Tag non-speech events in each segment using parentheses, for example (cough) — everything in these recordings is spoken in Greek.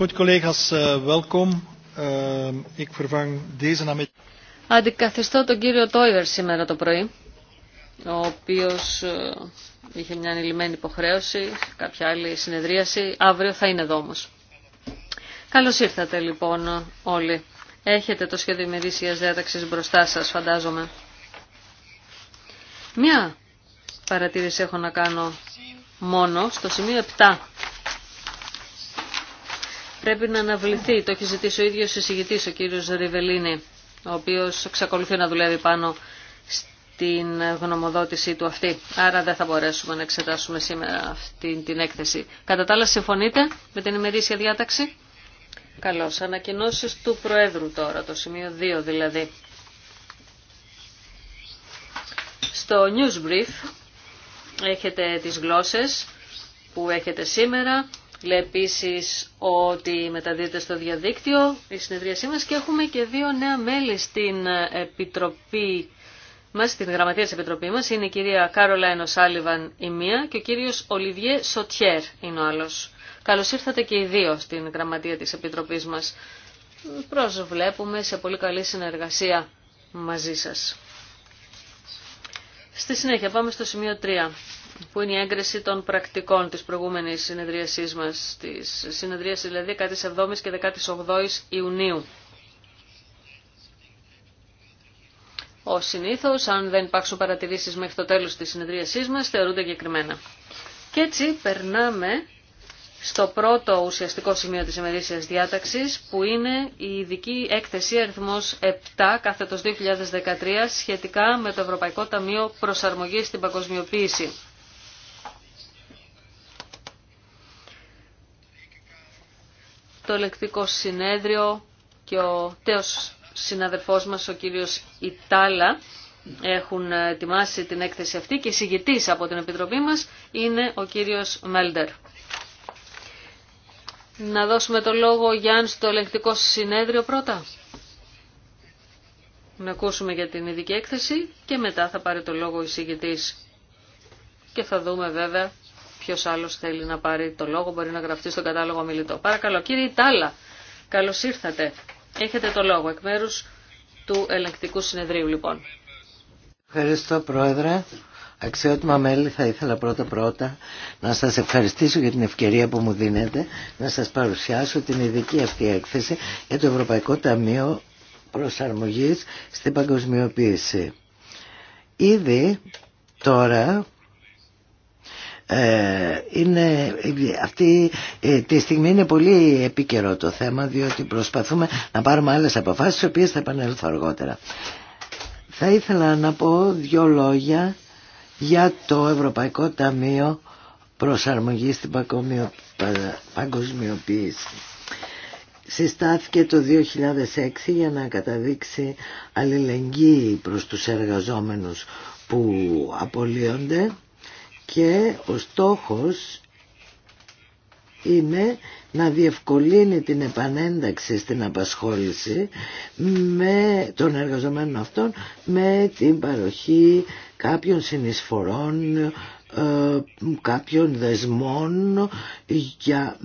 Goed, eh, eh, Αντικαθιστώ τον κύριο Τόιβερ σήμερα το πρωί, ο οποίος ε, είχε μια ανηλυμένη υποχρέωση, κάποια άλλη συνεδρίαση. Αύριο θα είναι εδώ όμω. Καλώς ήρθατε λοιπόν όλοι. Έχετε το σχέδιο ημερήσιας διάταξης μπροστά σας, φαντάζομαι. Μια παρατήρηση έχω να κάνω μόνο στο σημείο 7 πρέπει να αναβληθεί. Το έχει ζητήσει ο ίδιος εισηγητής, ο κύριο Ριβελίνη, ο οποίος εξακολουθεί να δουλεύει πάνω στην γνωμοδότησή του αυτή. Άρα δεν θα μπορέσουμε να εξετάσουμε σήμερα αυτή την έκθεση. Κατά τα άλλα, συμφωνείτε με την ημερήσια διάταξη. Καλώς. Ανακοινώσει του Προέδρου τώρα, το σημείο 2 δηλαδή. Στο News Brief έχετε τις γλώσσες που έχετε σήμερα. Λέει επίση ότι μεταδίδεται στο διαδίκτυο η συνεδρίασή μα και έχουμε και δύο νέα μέλη στην Επιτροπή μας, στην Γραμματεία της Επιτροπής μας. Είναι η κυρία Κάρολα Ενοσάλιβαν η μία και ο κύριο Ολιβιέ Σοτιέρ είναι ο άλλος. Καλώς ήρθατε και οι δύο στην Γραμματεία της Επιτροπή μας. Προσβλέπουμε σε πολύ καλή συνεργασία μαζί σας. Στη συνέχεια πάμε στο σημείο που είναι η έγκριση των πρακτικών της προηγούμενης συνεδρίασής μας, της συνεδρίας δηλαδή η και 18 η Ιουνίου. Ω συνήθω, αν δεν υπάρξουν παρατηρήσεις μέχρι το τέλο τη συνεδρίασή μα, θεωρούνται εγκεκριμένα. Και έτσι περνάμε στο πρώτο ουσιαστικό σημείο της ημερήσιας διάταξης, που είναι η ειδική έκθεση αριθμός 7 κάθετος 2013 σχετικά με το Ευρωπαϊκό Ταμείο Προσαρμογής στην Παγκοσμιοποίηση. το ελεκτικό συνέδριο και ο τέος συναδελφός μας, ο κύριος Ιτάλα, έχουν ετοιμάσει την έκθεση αυτή και συγητής από την Επιτροπή μας είναι ο κύριος Μέλντερ. Να δώσουμε το λόγο Γιάννη στο ελεγκτικό συνέδριο πρώτα. Να ακούσουμε για την ειδική έκθεση και μετά θα πάρει το λόγο η συγητής. Και θα δούμε βέβαια ποιος άλλο θέλει να πάρει το λόγο, μπορεί να γραφτεί στον κατάλογο μιλητό. Παρακαλώ, κύριε Ιτάλα, Καλώ ήρθατε. Έχετε το λόγο εκ μέρου του ελεγκτικού συνεδρίου, λοιπόν. Ευχαριστώ, Πρόεδρε. Αξιότιμα μέλη, θα ήθελα πρώτα-πρώτα να σας ευχαριστήσω για την ευκαιρία που μου δίνετε να σας παρουσιάσω την ειδική αυτή έκθεση για το Ευρωπαϊκό Ταμείο Προσαρμογής στην Παγκοσμιοποίηση. Ήδη τώρα ε, είναι, αυτή ε, τη στιγμή είναι πολύ επίκαιρο το θέμα διότι προσπαθούμε να πάρουμε άλλες αποφάσεις οι οποίες θα επανέλθω αργότερα. Θα ήθελα να πω δύο λόγια για το Ευρωπαϊκό Ταμείο Προσαρμογής στην Παγκοσμιοποίηση. Συστάθηκε το 2006 για να καταδείξει αλληλεγγύη προς τους εργαζόμενους που απολύονται και ο στόχος είναι να διευκολύνει την επανένταξη στην απασχόληση με τον εργαζομένο αυτόν με την παροχή κάποιων συνεισφορών, ε, κάποιων δεσμών για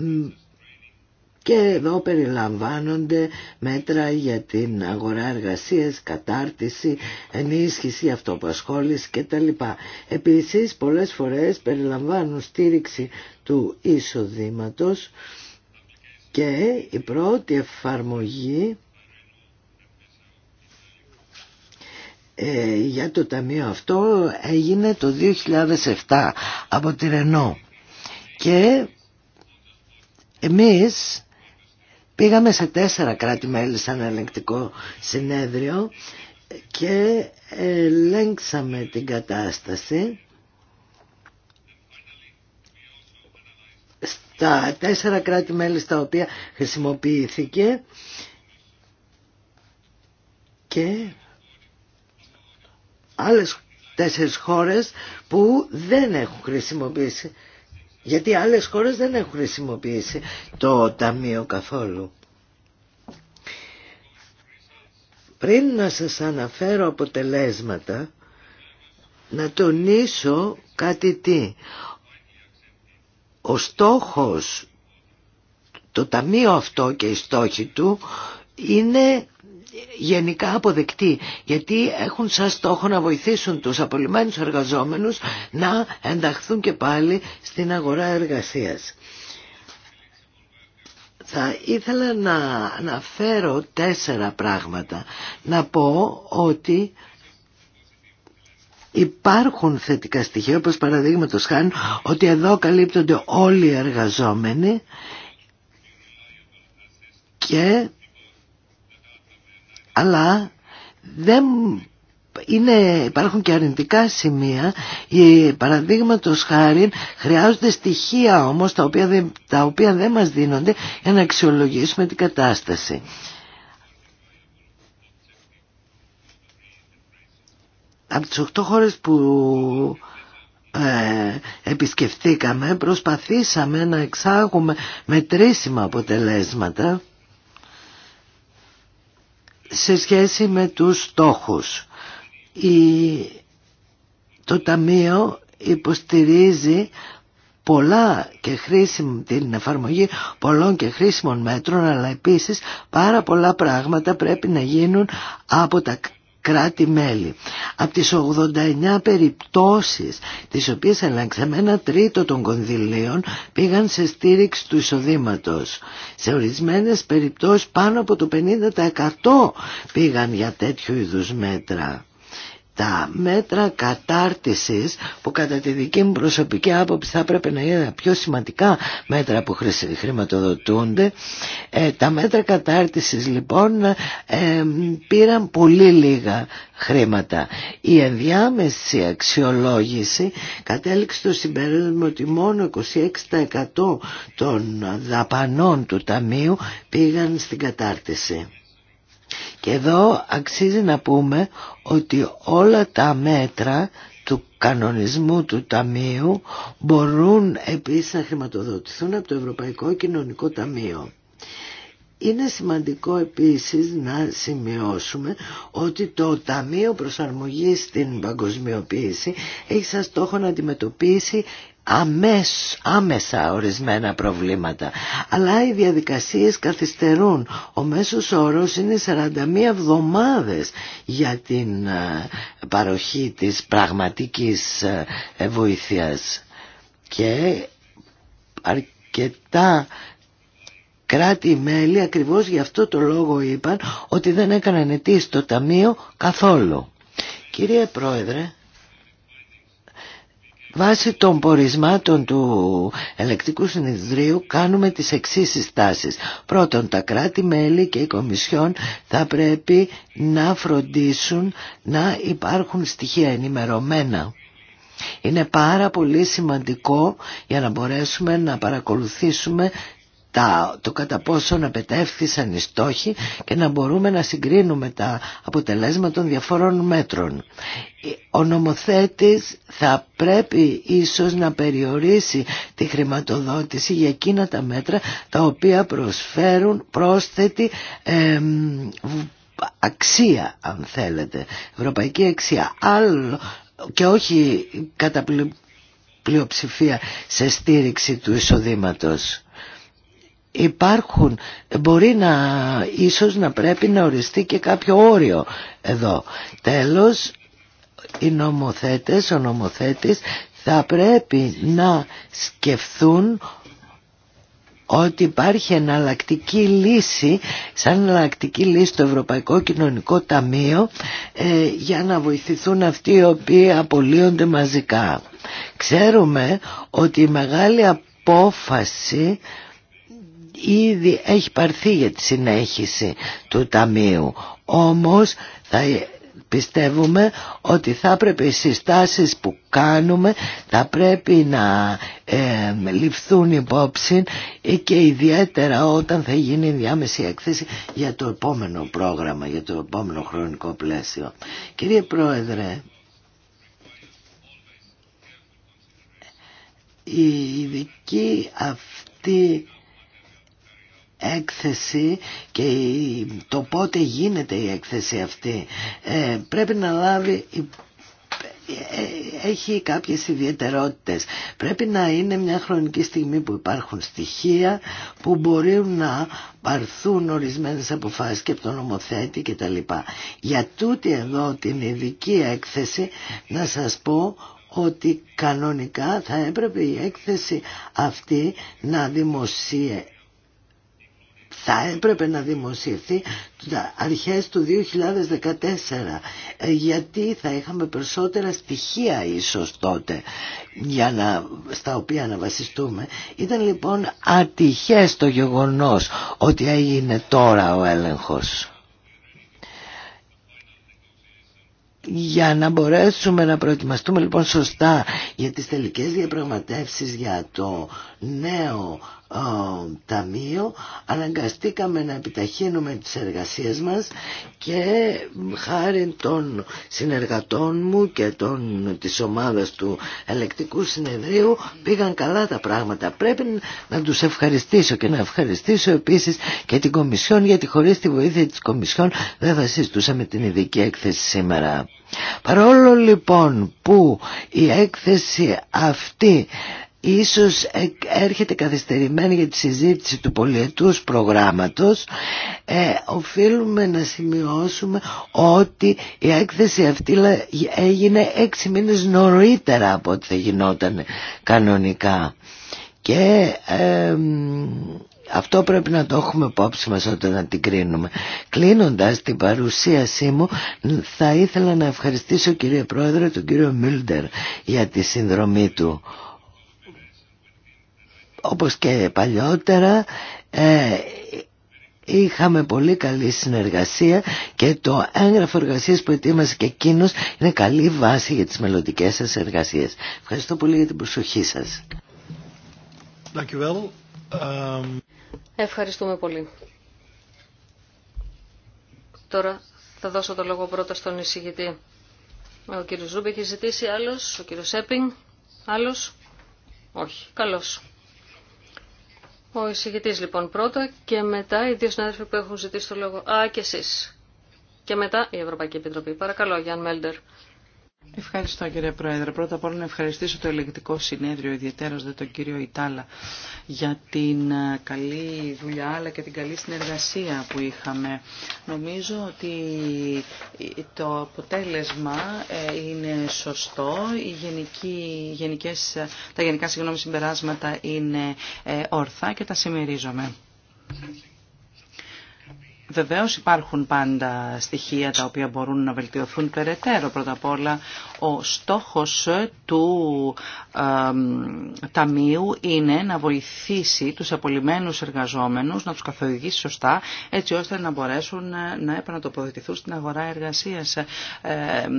και εδώ περιλαμβάνονται μέτρα για την αγορά εργασίας, κατάρτιση, ενίσχυση αυτοπασχόληση κτλ. Επίσης πολλές φορές περιλαμβάνουν στήριξη του εισοδήματος και η πρώτη εφαρμογή ε, για το ταμείο αυτό έγινε το 2007 από τη Ρενό και εμείς Πήγαμε σε τέσσερα κράτη-μέλη σαν ελεγκτικό συνέδριο και ελέγξαμε την κατάσταση στα τέσσερα κράτη-μέλη στα οποία χρησιμοποιήθηκε και άλλες τέσσερις χώρες που δεν έχουν χρησιμοποιήσει γιατί άλλες χώρες δεν έχουν χρησιμοποιήσει το ταμείο καθόλου. Πριν να σας αναφέρω αποτελέσματα, να τονίσω κάτι τι. Ο στόχος, το ταμείο αυτό και η στόχοι του είναι γενικά αποδεκτή γιατί έχουν σαν στόχο να βοηθήσουν τους απολυμμένους εργαζόμενους να ενταχθούν και πάλι στην αγορά εργασίας. Θα ήθελα να αναφέρω τέσσερα πράγματα. Να πω ότι υπάρχουν θετικά στοιχεία όπως παραδείγματο χάνει ότι εδώ καλύπτονται όλοι οι εργαζόμενοι και αλλά δεν είναι, υπάρχουν και αρνητικά σημεία Παραδείγματο χάρη χρειάζονται στοιχεία όμως τα οποία, δεν, τα οποία δεν μας δίνονται για να αξιολογήσουμε την κατάσταση από τις 8 χώρες που ε, επισκεφτήκαμε προσπαθήσαμε να εξάγουμε μετρήσιμα αποτελέσματα σε σχέση με τους στόχους. Η... Το Ταμείο υποστηρίζει πολλά και χρήσιμη, την εφαρμογή πολλών και χρήσιμων μέτρων αλλά επίσης πάρα πολλά πράγματα πρέπει να γίνουν από τα κράτη-μέλη. Από τις 89 περιπτώσεις τις οποίες ελέγξαμε ένα τρίτο των κονδυλίων πήγαν σε στήριξη του εισοδήματο. Σε ορισμένες περιπτώσεις πάνω από το 50% πήγαν για τέτοιου είδους μέτρα τα μέτρα κατάρτισης που κατά τη δική μου προσωπική άποψη θα έπρεπε να είναι τα πιο σημαντικά μέτρα που χρηματοδοτούνται ε, τα μέτρα κατάρτισης λοιπόν ε, πήραν πολύ λίγα χρήματα η ενδιάμεση αξιολόγηση κατέληξε στο συμπέρασμα ότι μόνο 26% των δαπανών του Ταμείου πήγαν στην κατάρτιση και εδώ αξίζει να πούμε ότι όλα τα μέτρα του κανονισμού του Ταμείου μπορούν επίσης να χρηματοδοτηθούν από το Ευρωπαϊκό Κοινωνικό Ταμείο. Είναι σημαντικό επίσης να σημειώσουμε ότι το Ταμείο Προσαρμογής στην Παγκοσμιοποίηση έχει σαν στόχο να αντιμετωπίσει αμέσ, άμεσα ορισμένα προβλήματα αλλά οι διαδικασίες καθυστερούν ο μέσος όρος είναι 41 εβδομάδες για την ε, παροχή της πραγματικής ε, βοήθειας και αρκετά κράτη-μέλη ακριβώς γι' αυτό το λόγο είπαν ότι δεν έκαναν αιτή στο Ταμείο καθόλου. Κύριε Πρόεδρε, Βάσει των πορισμάτων του ελεκτικού συνεδρίου κάνουμε τις εξής συστάσεις. Πρώτον, τα κράτη-μέλη και οι Κομισιόν θα πρέπει να φροντίσουν να υπάρχουν στοιχεία ενημερωμένα. Είναι πάρα πολύ σημαντικό για να μπορέσουμε να παρακολουθήσουμε τα, το κατά πόσο να πετεύθησαν οι στόχοι και να μπορούμε να συγκρίνουμε τα αποτελέσματα των διαφόρων μέτρων. Ο νομοθέτης θα πρέπει ίσως να περιορίσει τη χρηματοδότηση για εκείνα τα μέτρα τα οποία προσφέρουν πρόσθετη αξία αν θέλετε, ευρωπαϊκή αξία άλλο και όχι κατά πλειοψηφία σε στήριξη του εισοδήματος υπάρχουν, μπορεί να ίσως να πρέπει να οριστεί και κάποιο όριο εδώ. Τέλος, οι νομοθέτες, ο νομοθέτης θα πρέπει να σκεφτούν ότι υπάρχει εναλλακτική λύση, σαν εναλλακτική λύση στο Ευρωπαϊκό Κοινωνικό Ταμείο ε, για να βοηθηθούν αυτοί οι οποίοι απολύονται μαζικά. Ξέρουμε ότι η μεγάλη απόφαση ήδη έχει πάρθει για τη συνέχιση του Ταμείου. Όμως θα πιστεύουμε ότι θα πρέπει οι συστάσεις που κάνουμε θα πρέπει να ε, ληφθούν υπόψη και ιδιαίτερα όταν θα γίνει η διάμεση έκθεση για το επόμενο πρόγραμμα, για το επόμενο χρονικό πλαίσιο. Κύριε Πρόεδρε, η ειδική αυτή έκθεση και το πότε γίνεται η έκθεση αυτή ε, πρέπει να λάβει ε, έχει κάποιες ιδιαιτερότητες. Πρέπει να είναι μια χρονική στιγμή που υπάρχουν στοιχεία που μπορεί να παρθούν ορισμένες αποφάσεις και από τον νομοθέτη κτλ. Για τούτη εδώ την ειδική έκθεση να σας πω ότι κανονικά θα έπρεπε η έκθεση αυτή να δημοσιεύει θα έπρεπε να δημοσιευθεί αρχές του 2014 ε, γιατί θα είχαμε περισσότερα στοιχεία ίσως τότε για να, στα οποία να βασιστούμε ήταν λοιπόν ατυχές το γεγονός ότι έγινε τώρα ο έλεγχος για να μπορέσουμε να προετοιμαστούμε λοιπόν σωστά για τις τελικές διαπραγματεύσεις για το νέο ταμείο αναγκαστήκαμε να επιταχύνουμε τις εργασίες μας και χάρη των συνεργατών μου και των, της ομάδας του ελεκτικού συνεδρίου πήγαν καλά τα πράγματα πρέπει να τους ευχαριστήσω και να ευχαριστήσω επίσης και την Κομισιόν γιατί χωρίς τη βοήθεια της Κομισιόν δεν θα συστούσαμε την ειδική έκθεση σήμερα. Παρόλο λοιπόν που η έκθεση αυτή ίσως ε, έρχεται καθυστερημένη για τη συζήτηση του πολιετούς προγράμματος ε, οφείλουμε να σημειώσουμε ότι η έκθεση αυτή έγινε έξι μήνες νωρίτερα από ό,τι θα γινόταν κανονικά και ε, αυτό πρέπει να το έχουμε υπόψη μας όταν να την κρίνουμε. Κλείνοντας την παρουσίασή μου θα ήθελα να ευχαριστήσω κύριε Πρόεδρε τον κύριο Μίλντερ για τη συνδρομή του όπως και παλιότερα ε, είχαμε πολύ καλή συνεργασία και το έγγραφο εργασίας που ετοίμασε και εκείνο είναι καλή βάση για τις μελλοντικέ σας εργασίες. Ευχαριστώ πολύ για την προσοχή σας. Um, Ευχαριστούμε πολύ. Τώρα θα δώσω το λόγο πρώτα στον εισηγητή. Ο κύριος Ζούμπη έχει ζητήσει άλλος, ο κύριος Σέπινγκ, άλλος. Όχι, καλώς. Ο εισηγητή λοιπόν πρώτα και μετά οι δύο συνάδελφοι που έχουν ζητήσει το λόγο. Α, και εσεί. Και μετά η Ευρωπαϊκή Επιτροπή. Παρακαλώ, Γιάν Μέλντερ. Ευχαριστώ κύριε Πρόεδρε. Πρώτα απ' όλα να ευχαριστήσω το ελεγκτικό συνέδριο, ιδιαίτερα δε τον κύριο Ιτάλα, για την ε, καλή δουλειά αλλά και την καλή συνεργασία που είχαμε. Νομίζω ότι ε, το αποτέλεσμα ε, είναι σωστό, οι γενικές, τα γενικά συγγνώμη συμπεράσματα είναι όρθα και τα συμμερίζομαι. Βεβαίως υπάρχουν πάντα στοιχεία τα οποία μπορούν να βελτιωθούν περαιτέρω. Πρώτα απ' όλα ο στόχος του Ταμείου είναι να βοηθήσει τους απολυμμένους εργαζόμενους, να τους καθοδηγήσει σωστά, έτσι ώστε να μπορέσουν να επανατοποθετηθούν στην αγορά εργασίας. Ε, ε,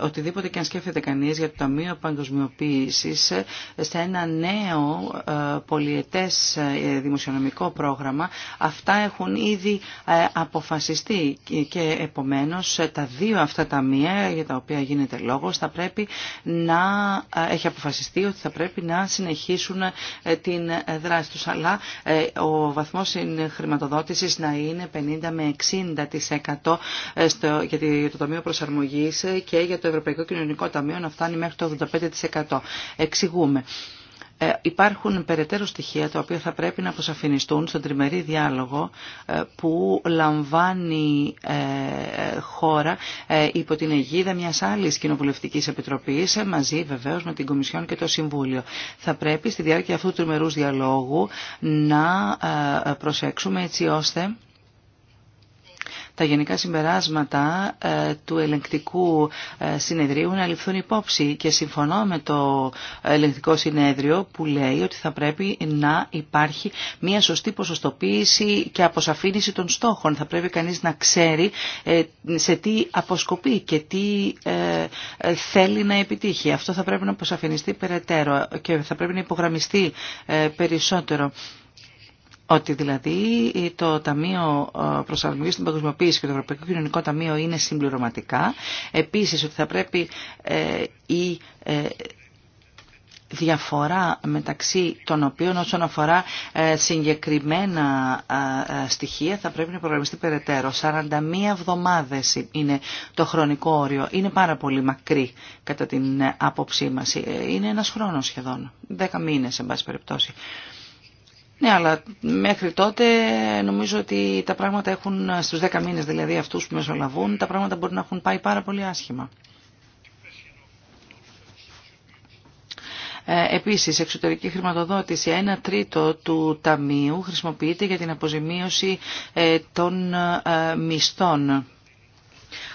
οτιδήποτε και αν σκέφτεται κανείς για το Ταμείο Παγκοσμιοποίησης, σε ένα νέο ε, πολιετές δημοσιονομικό πρόγραμμα, αυτά έχουν ήδη αποφασιστεί και επομένως τα δύο αυτά ταμεία για τα οποία γίνεται γίνεται λόγος, θα πρέπει να ε, έχει αποφασιστεί ότι θα πρέπει να συνεχίσουν ε, την δράση τους. Αλλά ε, ο βαθμός χρηματοδότησης να είναι 50 με 60% στο, για το Ταμείο Προσαρμογής και για το Ευρωπαϊκό Κοινωνικό Ταμείο να φτάνει μέχρι το 85%. Εξηγούμε. Ε, υπάρχουν περαιτέρω στοιχεία τα οποία θα πρέπει να αποσαφινιστούν στον τριμερή διάλογο ε, που λαμβάνει ε, χώρα υπό την αιγίδα μιας άλλης κοινοβουλευτικής επιτροπής μαζί βεβαίως με την Κομισιόν και το Συμβούλιο. Θα πρέπει στη διάρκεια αυτού του τριμερούς διαλόγου να προσέξουμε έτσι ώστε τα γενικά συμπεράσματα ε, του ελεγκτικού ε, συνεδρίου να ληφθούν υπόψη και συμφωνώ με το ελεγκτικό συνέδριο που λέει ότι θα πρέπει να υπάρχει μια σωστή ποσοστοποίηση και αποσαφήνιση των στόχων. Θα πρέπει κανείς να ξέρει ε, σε τι αποσκοπεί και τι θέλει να επιτύχει. Αυτό θα πρέπει να αποσαφηνιστεί περαιτέρω και θα πρέπει να υπογραμμιστεί περισσότερο. Ότι δηλαδή το Ταμείο ε, Προσαρμογή στην Παγκοσμιοποίηση και το Ευρωπαϊκό Κοινωνικό Ταμείο είναι συμπληρωματικά. Επίση, ότι θα πρέπει ε, η ε, διαφορά μεταξύ των οποίων όσον αφορά συγκεκριμένα στοιχεία θα πρέπει να προγραμμιστεί περαιτέρω. 41 εβδομάδες είναι το χρονικό όριο. Είναι πάρα πολύ μακρύ κατά την άποψή μας. Είναι ένας χρόνος σχεδόν. 10 μήνες, σε πάση περιπτώσει. Ναι, αλλά μέχρι τότε νομίζω ότι τα πράγματα έχουν, στους 10 μήνες δηλαδή αυτούς που μεσολαβούν, τα πράγματα μπορεί να έχουν πάει πάρα πολύ άσχημα. Ε, επίσης, εξωτερική χρηματοδότηση, ένα τρίτο του ταμείου χρησιμοποιείται για την αποζημίωση ε, των ε, μισθών.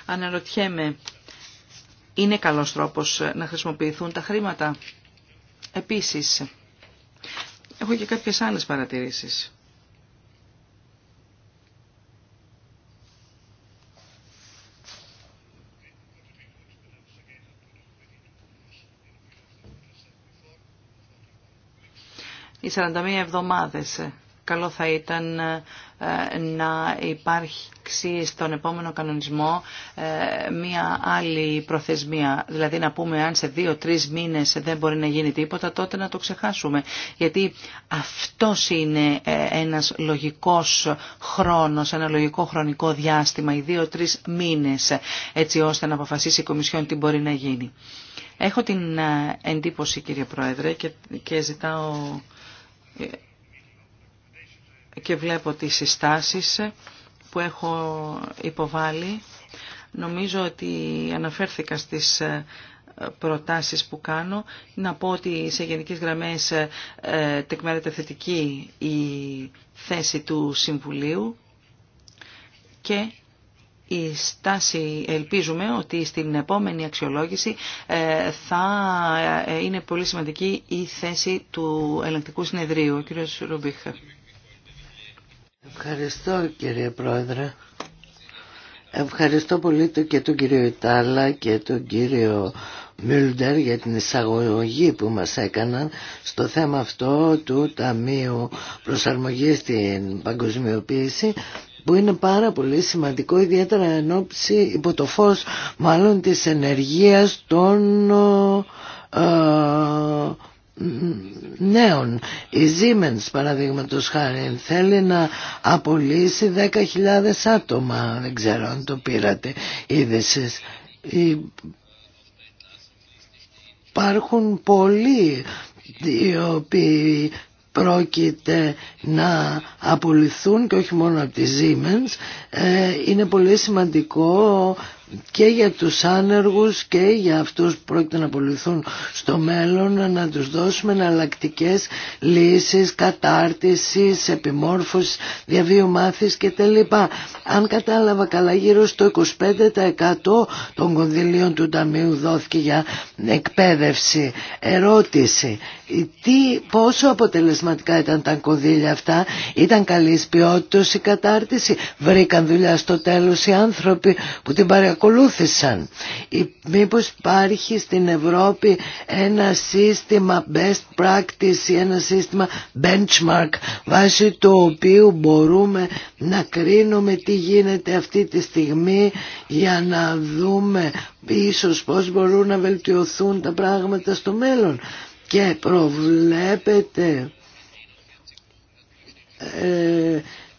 Αναρωτιέμαι, είναι καλός τρόπος να χρησιμοποιηθούν τα χρήματα. Επίσης, Έχω και κάποιες άλλες παρατηρήσεις. Οι 41 εβδομάδες. Καλό θα ήταν ε, να υπάρξει στον επόμενο κανονισμό ε, μία άλλη προθεσμία. Δηλαδή να πούμε αν σε δύο-τρεις μήνες δεν μπορεί να γίνει τίποτα τότε να το ξεχάσουμε. Γιατί αυτός είναι ε, ένας λογικός χρόνος, ένα λογικό χρονικό διάστημα, οι δύο-τρεις μήνες έτσι ώστε να αποφασίσει η Κομισιόν τι μπορεί να γίνει. Έχω την ε, εντύπωση κύριε Πρόεδρε και, και ζητάω και βλέπω τις συστάσεις που έχω υποβάλει. Νομίζω ότι αναφέρθηκα στις ε, προτάσεις που κάνω. Να πω ότι σε γενικές γραμμές ε, τεκμέρεται θετική η θέση του Συμβουλίου και η στάση ελπίζουμε ότι στην επόμενη αξιολόγηση ε, θα είναι πολύ σημαντική η θέση του ελεγκτικού συνεδρίου. κύριος Ευχαριστώ κύριε Πρόεδρε. Ευχαριστώ πολύ και τον κύριο Ιτάλα και τον κύριο Μιλντερ για την εισαγωγή που μας έκαναν στο θέμα αυτό του Ταμείου Προσαρμογής στην Παγκοσμιοποίηση που είναι πάρα πολύ σημαντικό ιδιαίτερα εν ώψη υπό το φως μάλλον της ενεργείας των ε, νέων. Η Siemens παραδείγματο χάρη θέλει να απολύσει 10.000 άτομα, δεν ξέρω αν το πήρατε είδηση. Υπάρχουν πολλοί οι οποίοι πρόκειται να απολυθούν και όχι μόνο από τη Siemens. Ε, είναι πολύ σημαντικό και για τους άνεργους και για αυτούς που πρόκειται να απολυθούν στο μέλλον να τους δώσουμε εναλλακτικέ λύσεις, κατάρτισης, επιμόρφωσης, διαβίου μάθης κτλ. Αν κατάλαβα καλά γύρω στο 25% των κονδυλίων του Ταμείου δόθηκε για εκπαίδευση. Ερώτηση, τι, πόσο αποτελεσματικά ήταν τα κονδύλια αυτά, ήταν καλής ποιότητας η κατάρτιση, βρήκαν δουλειά στο τέλος οι άνθρωποι που την παρακολουθούν ακολούθησαν. Μήπως υπάρχει στην Ευρώπη ένα σύστημα best practice ή ένα σύστημα benchmark βάσει του οποίου μπορούμε να κρίνουμε τι γίνεται αυτή τη στιγμή για να δούμε ίσως πώς μπορούν να βελτιωθούν τα πράγματα στο μέλλον. Και προβλέπετε...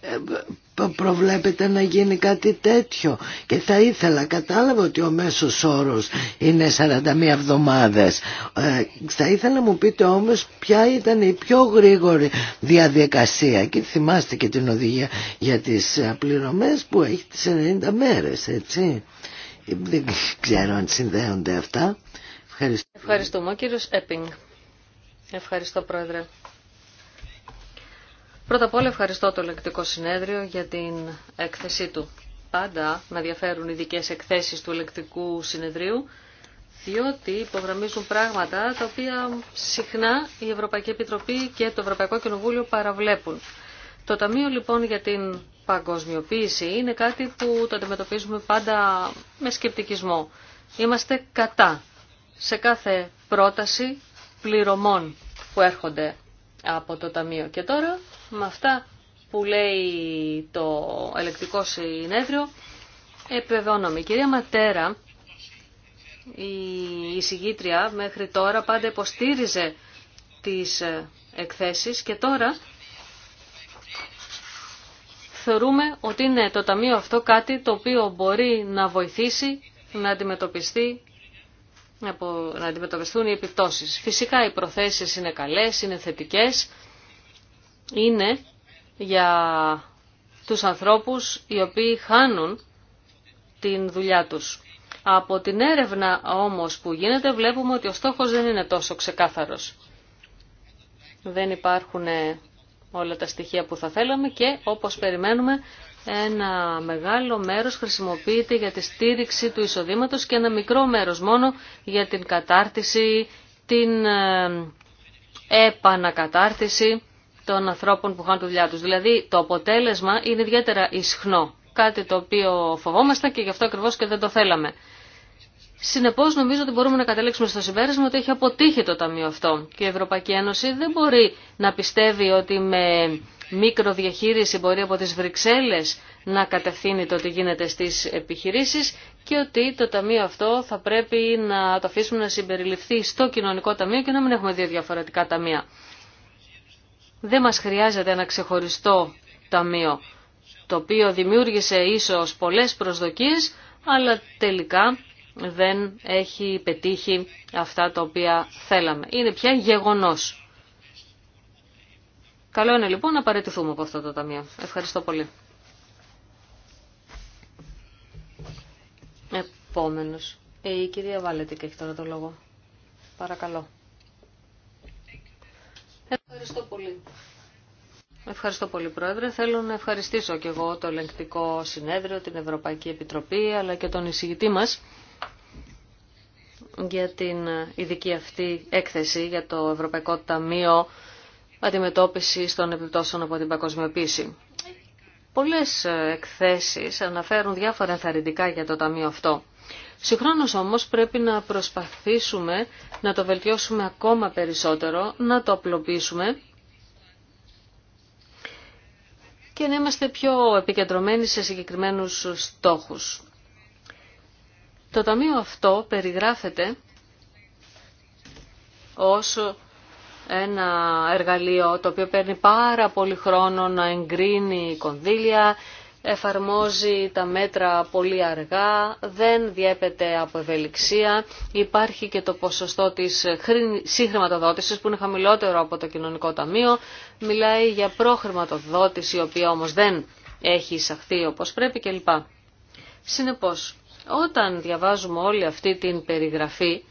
Ε, προβλέπετε να γίνει κάτι τέτοιο και θα ήθελα κατάλαβα ότι ο μέσος όρος είναι 41 εβδομάδες ε, θα ήθελα να μου πείτε όμως ποια ήταν η πιο γρήγορη διαδικασία και θυμάστε και την οδηγία για τις απληρωμές ε, που έχει τις 90 μέρες έτσι δεν ξέρω αν συνδέονται αυτά Ευχαριστώ. Ευχαριστούμε κύριο Έπινγκ Ευχαριστώ πρόεδρε Πρώτα απ' όλα ευχαριστώ το Ελεκτικό Συνέδριο για την έκθεσή του. Πάντα με ενδιαφέρουν δικές εκθέσεις του Ελεκτικού Συνεδρίου, διότι υπογραμμίζουν πράγματα τα οποία συχνά η Ευρωπαϊκή Επιτροπή και το Ευρωπαϊκό Κοινοβούλιο παραβλέπουν. Το Ταμείο λοιπόν για την παγκοσμιοποίηση είναι κάτι που το αντιμετωπίζουμε πάντα με σκεπτικισμό. Είμαστε κατά σε κάθε πρόταση πληρωμών που έρχονται από το Ταμείο. Και τώρα με αυτά που λέει το ελεκτικό συνέδριο επιβεβαιώνομαι. Η κυρία Ματέρα, η εισηγήτρια μέχρι τώρα πάντα υποστήριζε τις ε, εκθέσεις και τώρα θεωρούμε ότι είναι το Ταμείο αυτό κάτι το οποίο μπορεί να βοηθήσει να αντιμετωπιστεί από, να αντιμετωπιστούν οι επιπτώσεις. Φυσικά οι προθέσεις είναι καλές, είναι θετικές, είναι για τους ανθρώπους οι οποίοι χάνουν την δουλειά τους. Από την έρευνα όμως που γίνεται βλέπουμε ότι ο στόχος δεν είναι τόσο ξεκάθαρος. Δεν υπάρχουν όλα τα στοιχεία που θα θέλαμε και όπως περιμένουμε ένα μεγάλο μέρος χρησιμοποιείται για τη στήριξη του εισοδήματος και ένα μικρό μέρος μόνο για την κατάρτιση, την ε, επανακατάρτιση των ανθρώπων που χάνουν τη δουλειά τους. Δηλαδή το αποτέλεσμα είναι ιδιαίτερα ισχνό, κάτι το οποίο φοβόμασταν και γι' αυτό ακριβώς και δεν το θέλαμε. Συνεπώ, νομίζω ότι μπορούμε να καταλήξουμε στο συμπέρασμα ότι έχει αποτύχει το Ταμείο αυτό. Και η Ευρωπαϊκή Ένωση δεν μπορεί να πιστεύει ότι με μικροδιαχείριση μπορεί από τις Βρυξέλλες να κατευθύνει το τι γίνεται στις επιχειρήσεις και ότι το ταμείο αυτό θα πρέπει να το αφήσουμε να συμπεριληφθεί στο κοινωνικό ταμείο και να μην έχουμε δύο διαφορετικά ταμεία. Δεν μας χρειάζεται ένα ξεχωριστό ταμείο, το οποίο δημιούργησε ίσως πολλές προσδοκίες, αλλά τελικά δεν έχει πετύχει αυτά τα οποία θέλαμε. Είναι πια γεγονός. Καλό είναι λοιπόν να παραιτηθούμε από αυτό το ταμείο. Ευχαριστώ πολύ. Επόμενος. Ε, η κυρία και έχει τώρα το λόγο. Παρακαλώ. Ευχαριστώ πολύ. Ευχαριστώ πολύ, Πρόεδρε. Θέλω να ευχαριστήσω και εγώ το Ελεγκτικό Συνέδριο, την Ευρωπαϊκή Επιτροπή, αλλά και τον εισηγητή μας για την ειδική αυτή έκθεση για το Ευρωπαϊκό Ταμείο αντιμετώπιση των επιπτώσεων από την παγκοσμιοποίηση. Πολλές ε, εκθέσεις αναφέρουν διάφορα ενθαρρυντικά για το Ταμείο αυτό. Συγχρόνω όμως πρέπει να προσπαθήσουμε να το βελτιώσουμε ακόμα περισσότερο, να το απλοποιήσουμε και να είμαστε πιο επικεντρωμένοι σε συγκεκριμένους στόχους. Το Ταμείο αυτό περιγράφεται ως ένα εργαλείο το οποίο παίρνει πάρα πολύ χρόνο να εγκρίνει κονδύλια, εφαρμόζει τα μέτρα πολύ αργά, δεν διέπεται από ευελιξία, υπάρχει και το ποσοστό της συγχρηματοδότησης που είναι χαμηλότερο από το κοινωνικό ταμείο, μιλάει για προχρηματοδότηση η οποία όμως δεν έχει εισαχθεί όπως πρέπει κλπ. Συνεπώς, όταν διαβάζουμε όλη αυτή την περιγραφή,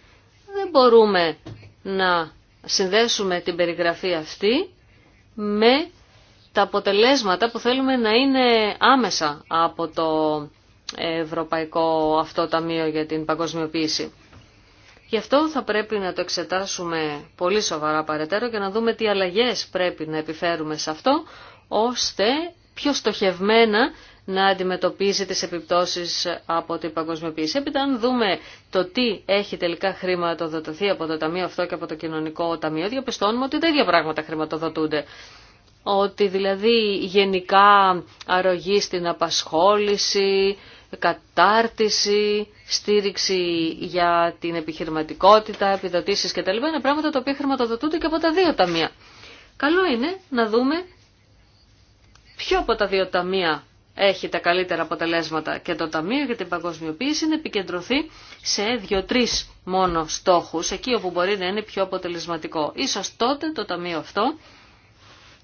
δεν μπορούμε να συνδέσουμε την περιγραφή αυτή με τα αποτελέσματα που θέλουμε να είναι άμεσα από το Ευρωπαϊκό αυτό Ταμείο για την Παγκοσμιοποίηση. Γι' αυτό θα πρέπει να το εξετάσουμε πολύ σοβαρά παρετέρω και να δούμε τι αλλαγές πρέπει να επιφέρουμε σε αυτό, ώστε πιο στοχευμένα να αντιμετωπίζει τις επιπτώσεις από την παγκοσμιοποίηση. Έπειτα αν δούμε το τι έχει τελικά χρηματοδοτηθεί από το Ταμείο αυτό και από το Κοινωνικό Ταμείο, διαπιστώνουμε ότι τα ίδια πράγματα χρηματοδοτούνται. Ότι δηλαδή γενικά αρρωγή στην απασχόληση, κατάρτιση, στήριξη για την επιχειρηματικότητα, επιδοτήσεις κτλ. Είναι πράγματα τα οποία χρηματοδοτούνται και από τα δύο ταμεία. Καλό είναι να δούμε ποιο από τα δύο ταμεία έχει τα καλύτερα αποτελέσματα και το Ταμείο για την Παγκοσμιοποίηση είναι επικεντρωθεί σε δύο-τρεις μόνο στόχους, εκεί όπου μπορεί να είναι πιο αποτελεσματικό. Ίσως τότε το Ταμείο αυτό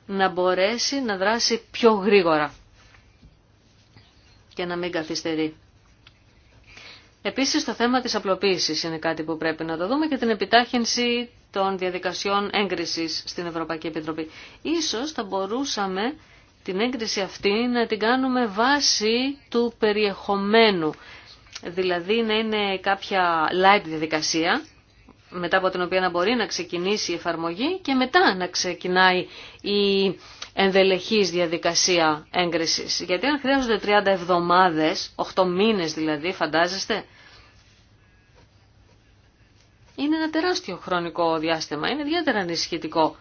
να μπορέσει να δράσει πιο γρήγορα και να μην καθυστερεί. Επίσης το θέμα της απλοποίησης είναι κάτι που πρέπει να το δούμε και την επιτάχυνση των διαδικασιών έγκρισης στην Ευρωπαϊκή Επιτροπή. Ίσως θα μπορούσαμε την έγκριση αυτή να την κάνουμε βάση του περιεχομένου. Δηλαδή να είναι κάποια light διαδικασία, μετά από την οποία να μπορεί να ξεκινήσει η εφαρμογή και μετά να ξεκινάει η ενδελεχής διαδικασία έγκρισης. Γιατί αν χρειάζονται 30 εβδομάδες, 8 μήνες δηλαδή, φαντάζεστε, είναι ένα τεράστιο χρονικό διάστημα, είναι ιδιαίτερα ανησυχητικό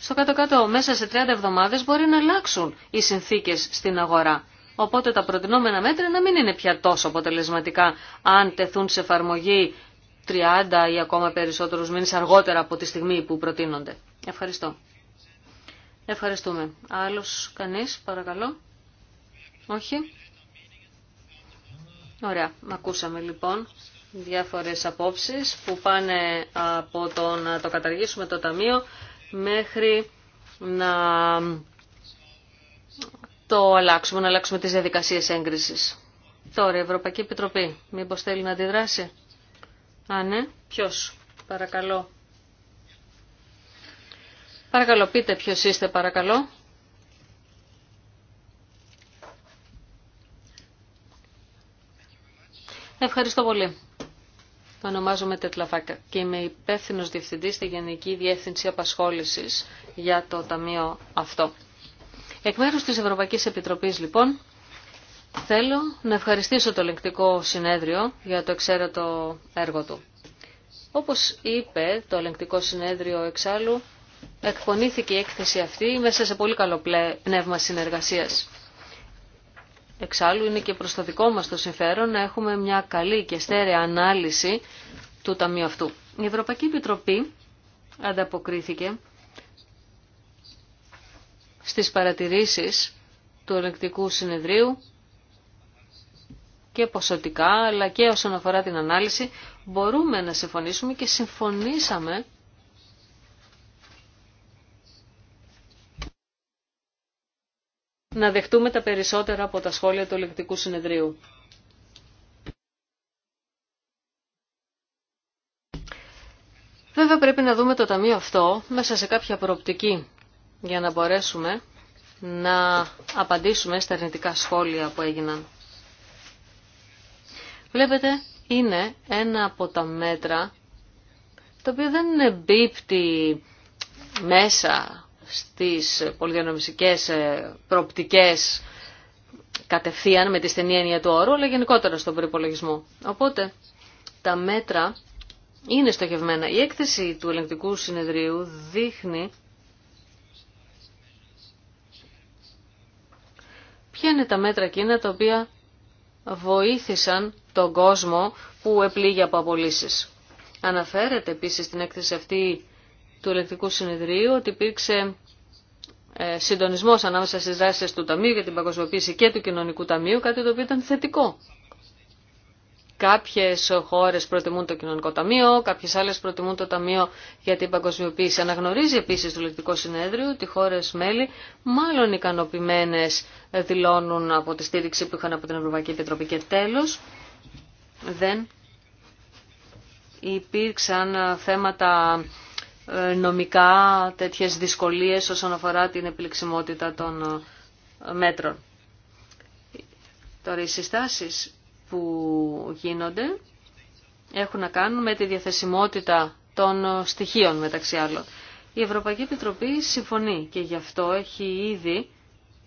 στο κάτω-κάτω μέσα σε 30 εβδομάδες μπορεί να αλλάξουν οι συνθήκες στην αγορά. Οπότε τα προτινόμενα μέτρα να μην είναι πια τόσο αποτελεσματικά αν τεθούν σε εφαρμογή 30 ή ακόμα περισσότερους μήνες αργότερα από τη στιγμή που προτείνονται. Ευχαριστώ. Ευχαριστούμε. Άλλος κανείς, παρακαλώ. Όχι. Ωραία. Ακούσαμε λοιπόν διάφορες απόψεις που πάνε από το να το καταργήσουμε το Ταμείο μέχρι να το αλλάξουμε, να αλλάξουμε τις διαδικασίες έγκρισης. Τώρα, η Ευρωπαϊκή Επιτροπή, μήπως θέλει να αντιδράσει. Α, ναι. Ποιος, παρακαλώ. Παρακαλώ, πείτε ποιος είστε, παρακαλώ. Ευχαριστώ πολύ. Ονομάζομαι Τετλαφάκα και είμαι υπεύθυνο διευθυντή στη Γενική Διεύθυνση Απασχόληση για το Ταμείο αυτό. Εκ μέρου τη Ευρωπαϊκή Επιτροπή, λοιπόν, θέλω να ευχαριστήσω το ελεγκτικό συνέδριο για το εξαίρετο έργο του. Όπως είπε το ελεγκτικό συνέδριο εξάλλου, εκπονήθηκε η έκθεση αυτή μέσα σε πολύ καλό πνεύμα συνεργασίας. Εξάλλου είναι και προς το δικό μας το συμφέρον να έχουμε μια καλή και στέρεα ανάλυση του Ταμείου αυτού. Η Ευρωπαϊκή Επιτροπή ανταποκρίθηκε στις παρατηρήσεις του ελεκτικού συνεδρίου και ποσοτικά αλλά και όσον αφορά την ανάλυση μπορούμε να συμφωνήσουμε και συμφωνήσαμε να δεχτούμε τα περισσότερα από τα σχόλια του ελεκτικού συνεδρίου. Βέβαια πρέπει να δούμε το ταμείο αυτό μέσα σε κάποια προοπτική για να μπορέσουμε να απαντήσουμε στα αρνητικά σχόλια που έγιναν. Βλέπετε, είναι ένα από τα μέτρα το οποίο δεν εμπίπτει μέσα στις πολυδιανομιστικές ε, προοπτικές κατευθείαν με τη στενή έννοια του όρου, αλλά γενικότερα στον προπολογισμό. Οπότε τα μέτρα είναι στοχευμένα. Η έκθεση του ελεγκτικού συνεδρίου δείχνει ποια είναι τα μέτρα εκείνα τα οποία βοήθησαν τον κόσμο που επλήγει από απολύσεις. Αναφέρεται επίσης στην έκθεση αυτή του Ελεκτικού Συνεδρίου ότι υπήρξε ε, συντονισμός ανάμεσα στις δράσεις του Ταμείου για την παγκοσμιοποίηση και του Κοινωνικού Ταμείου, κάτι το οποίο ήταν θετικό. Κάποιες χώρες προτιμούν το Κοινωνικό Ταμείο, κάποιες άλλες προτιμούν το Ταμείο για την Παγκοσμιοποίηση. Αναγνωρίζει επίσης το Ελεκτικό Συνέδριο ότι χώρες μέλη μάλλον ικανοποιημένες δηλώνουν από τη στήριξη που είχαν από την Ευρωπαϊκή Επιτροπή και τέλος δεν υπήρξαν θέματα ε, νομικά τέτοιες δυσκολίες όσον αφορά την επιλεξιμότητα των ε, μέτρων. Τώρα οι συστάσεις που γίνονται έχουν να κάνουν με τη διαθεσιμότητα των ε, στοιχείων μεταξύ άλλων. Η Ευρωπαϊκή Επιτροπή συμφωνεί και γι' αυτό έχει ήδη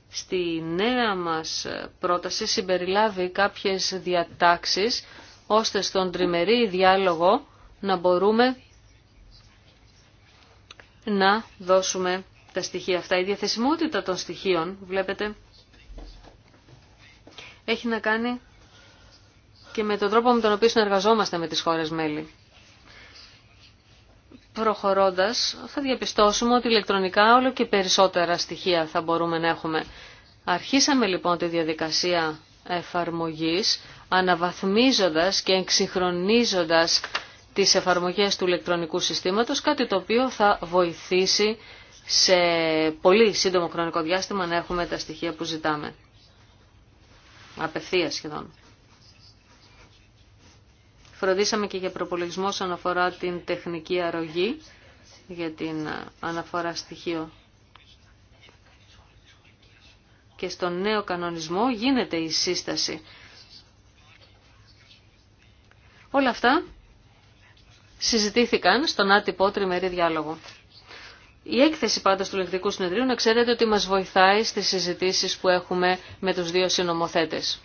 στη νέα μας πρόταση συμπεριλάβει κάποιες διατάξεις ώστε στον τριμερή διάλογο να μπορούμε να δώσουμε τα στοιχεία αυτά. Η διαθεσιμότητα των στοιχείων, βλέπετε, έχει να κάνει και με τον τρόπο με τον οποίο συνεργαζόμαστε με τις χώρες μέλη. Προχωρώντας, θα διαπιστώσουμε ότι ηλεκτρονικά όλο και περισσότερα στοιχεία θα μπορούμε να έχουμε. Αρχίσαμε λοιπόν τη διαδικασία εφαρμογής, αναβαθμίζοντας και εξυγχρονίζοντας τις εφαρμογές του ηλεκτρονικού συστήματος, κάτι το οποίο θα βοηθήσει σε πολύ σύντομο χρονικό διάστημα να έχουμε τα στοιχεία που ζητάμε. Απευθεία σχεδόν. Φροντίσαμε και για προπολογισμό όσον αφορά την τεχνική αρρωγή για την αναφορά στοιχείο. Και στον νέο κανονισμό γίνεται η σύσταση. Όλα αυτά συζητήθηκαν στον άτυπο τριμερή διάλογο. Η έκθεση πάντως του Λεκτικού Συνεδρίου να ξέρετε ότι μας βοηθάει στις συζητήσεις που έχουμε με τους δύο συνομοθέτες.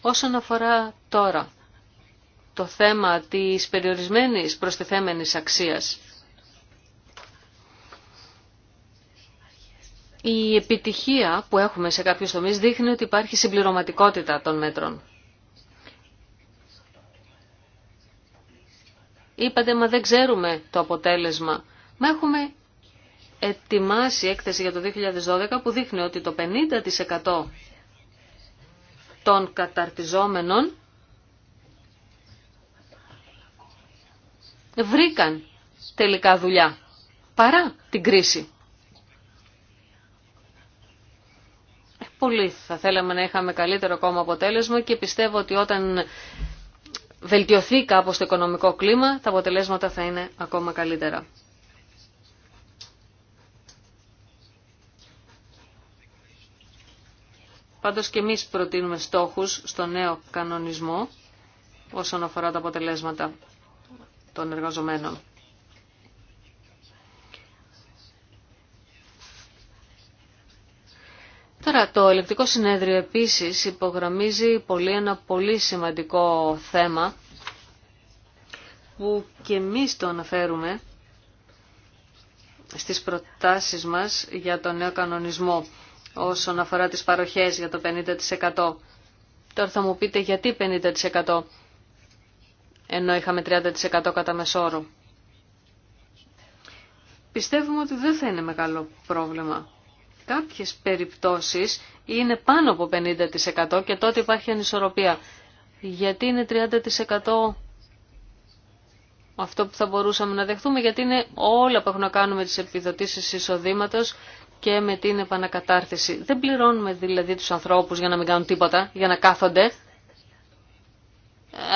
Όσον αφορά τώρα το θέμα της περιορισμένης προστιθέμενης αξίας, η επιτυχία που έχουμε σε κάποιους τομείς δείχνει ότι υπάρχει συμπληρωματικότητα των μέτρων. Είπατε, μα δεν ξέρουμε το αποτέλεσμα. Μα έχουμε ετοιμάσει έκθεση για το 2012 που δείχνει ότι το 50% των καταρτιζόμενων βρήκαν τελικά δουλειά παρά την κρίση. Ε, πολύ θα θέλαμε να είχαμε καλύτερο ακόμα αποτέλεσμα και πιστεύω ότι όταν βελτιωθεί κάπως το οικονομικό κλίμα, τα αποτελέσματα θα είναι ακόμα καλύτερα. Πάντως και εμείς προτείνουμε στόχους στο νέο κανονισμό όσον αφορά τα αποτελέσματα των εργαζομένων. Τώρα το ελεκτικό συνέδριο επίσης υπογραμμίζει πολύ ένα πολύ σημαντικό θέμα που και εμείς το αναφέρουμε στις προτάσεις μας για τον νέο κανονισμό όσον αφορά τις παροχές για το 50%. Τώρα θα μου πείτε γιατί 50% ενώ είχαμε 30% κατά μεσόρο. Πιστεύουμε ότι δεν θα είναι μεγάλο πρόβλημα κάποιες περιπτώσεις είναι πάνω από 50% και τότε υπάρχει ανισορροπία. Γιατί είναι 30% αυτό που θα μπορούσαμε να δεχθούμε, γιατί είναι όλα που έχουν να κάνουν με τις επιδοτήσεις εισοδήματος και με την επανακατάρτιση. Δεν πληρώνουμε δηλαδή τους ανθρώπους για να μην κάνουν τίποτα, για να κάθονται.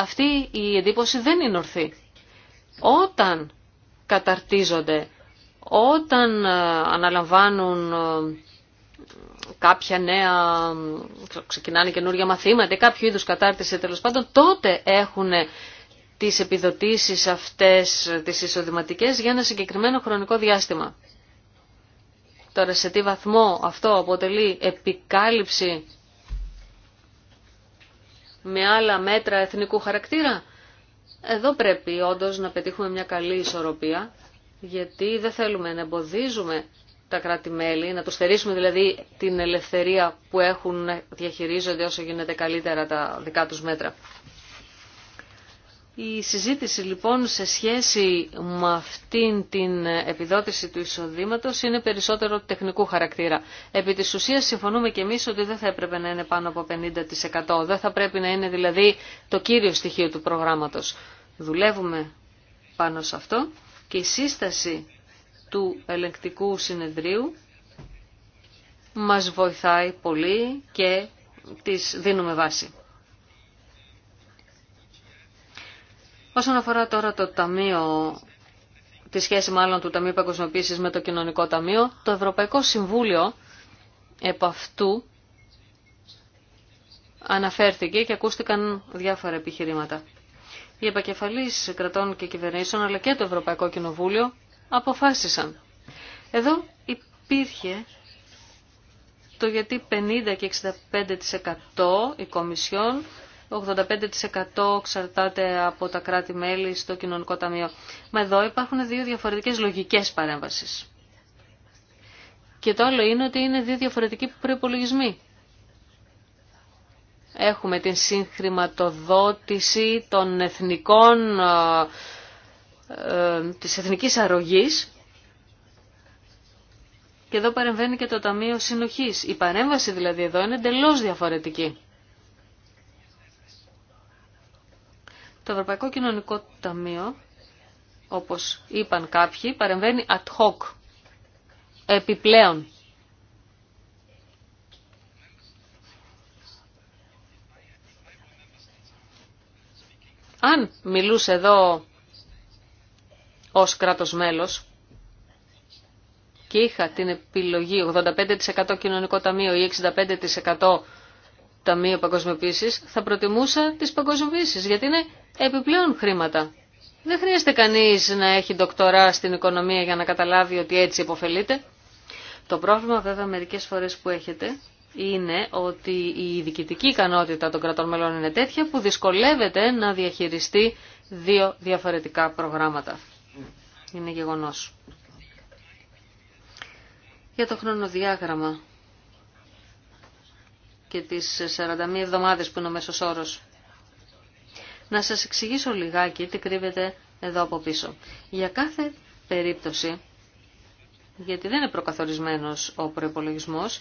Αυτή η εντύπωση δεν είναι ορθή. Όταν καταρτίζονται όταν ε, αναλαμβάνουν ε, κάποια νέα, ε, ξεκινάνε καινούργια μαθήματα, ή κάποιο είδους κατάρτιση τέλος πάντων, τότε έχουν τις επιδοτήσεις αυτές τις εισοδηματικές για ένα συγκεκριμένο χρονικό διάστημα. Τώρα σε τι βαθμό αυτό αποτελεί επικάλυψη με άλλα μέτρα εθνικού χαρακτήρα. Εδώ πρέπει όντως να πετύχουμε μια καλή ισορροπία γιατί δεν θέλουμε να εμποδίζουμε τα κράτη-μέλη, να τους θερήσουμε δηλαδή την ελευθερία που έχουν να διαχειρίζονται όσο γίνεται καλύτερα τα δικά τους μέτρα. Η συζήτηση λοιπόν σε σχέση με αυτήν την επιδότηση του εισοδήματος είναι περισσότερο τεχνικού χαρακτήρα. Επί της ουσίας συμφωνούμε και εμείς ότι δεν θα έπρεπε να είναι πάνω από 50%. Δεν θα πρέπει να είναι δηλαδή το κύριο στοιχείο του προγράμματος. Δουλεύουμε πάνω σε αυτό και η σύσταση του ελεγκτικού συνεδρίου μας βοηθάει πολύ και τις δίνουμε βάση. Όσον αφορά τώρα το ταμείο, τη σχέση μάλλον του Ταμείου Παγκοσμιοποίησης με το Κοινωνικό Ταμείο, το Ευρωπαϊκό Συμβούλιο επ' αυτού αναφέρθηκε και ακούστηκαν διάφορα επιχειρήματα οι επακεφαλείς κρατών και κυβερνήσεων αλλά και το Ευρωπαϊκό Κοινοβούλιο αποφάσισαν. Εδώ υπήρχε το γιατί 50 και 65% η Κομισιόν 85% εξαρτάται από τα κράτη-μέλη στο κοινωνικό ταμείο. Μα εδώ υπάρχουν δύο διαφορετικές λογικές παρέμβασης. Και το άλλο είναι ότι είναι δύο διαφορετικοί προπολογισμοί. Έχουμε την συγχρηματοδότηση των εθνικών, ε, ε, της εθνικής αρρωγής και εδώ παρεμβαίνει και το Ταμείο Συνοχής. Η παρέμβαση δηλαδή εδώ είναι εντελώ διαφορετική. Το Ευρωπαϊκό Κοινωνικό Ταμείο, όπως είπαν κάποιοι, παρεμβαίνει ad hoc, επιπλέον Αν μιλούσε εδώ ως κράτος μέλος και είχα την επιλογή 85% κοινωνικό ταμείο ή 65% ταμείο παγκοσμιοποίησης, θα προτιμούσα τις παγκοσμιοποίησεις, γιατί είναι επιπλέον χρήματα. Δεν χρειάζεται κανείς να έχει ντοκτορά στην οικονομία για να καταλάβει ότι έτσι υποφελείται. Το πρόβλημα βέβαια μερικές φορές που έχετε είναι ότι η διοικητική ικανότητα των κρατών μελών είναι τέτοια που δυσκολεύεται να διαχειριστεί δύο διαφορετικά προγράμματα. Είναι γεγονός. Για το χρονοδιάγραμμα και τις 41 εβδομάδες που είναι ο μέσος όρος. Να σας εξηγήσω λιγάκι τι κρύβεται εδώ από πίσω. Για κάθε περίπτωση, γιατί δεν είναι προκαθορισμένος ο προϋπολογισμός,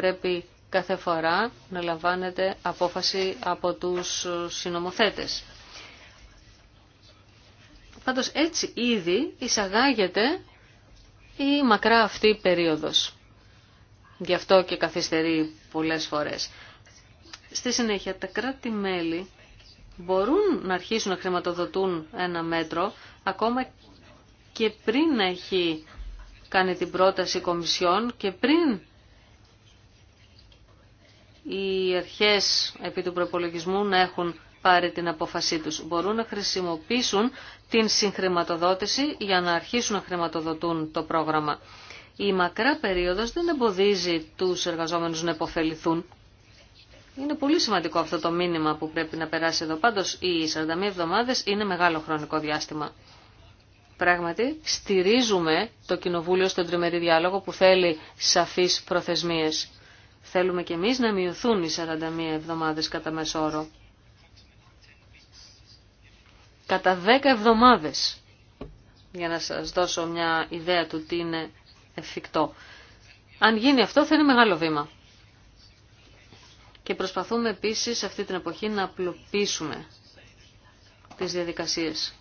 πρέπει κάθε φορά να λαμβάνεται απόφαση από τους συνομοθέτες. Πάντως έτσι ήδη εισαγάγεται η μακρά αυτή περίοδος. Γι' αυτό και καθυστερεί πολλές φορές. Στη συνέχεια τα κράτη-μέλη μπορούν να αρχίσουν να χρηματοδοτούν ένα μέτρο ακόμα και πριν να έχει κάνει την πρόταση κομισιόν και πριν οι αρχές επί του προπολογισμού να έχουν πάρει την απόφασή τους. Μπορούν να χρησιμοποιήσουν την συγχρηματοδότηση για να αρχίσουν να χρηματοδοτούν το πρόγραμμα. Η μακρά περίοδος δεν εμποδίζει τους εργαζόμενους να υποφεληθούν. Είναι πολύ σημαντικό αυτό το μήνυμα που πρέπει να περάσει εδώ. Πάντως οι 41 εβδομάδες είναι μεγάλο χρονικό διάστημα. Πράγματι, στηρίζουμε το Κοινοβούλιο στον τριμερή διάλογο που θέλει σαφείς προθεσμίες. Θέλουμε και εμείς να μειωθούν οι 41 εβδομάδες κατά μέσο όρο. Κατά 10 εβδομάδες, για να σας δώσω μια ιδέα του τι είναι εφικτό. Αν γίνει αυτό θα είναι μεγάλο βήμα. Και προσπαθούμε επίσης αυτή την εποχή να απλοποιήσουμε τις διαδικασίες.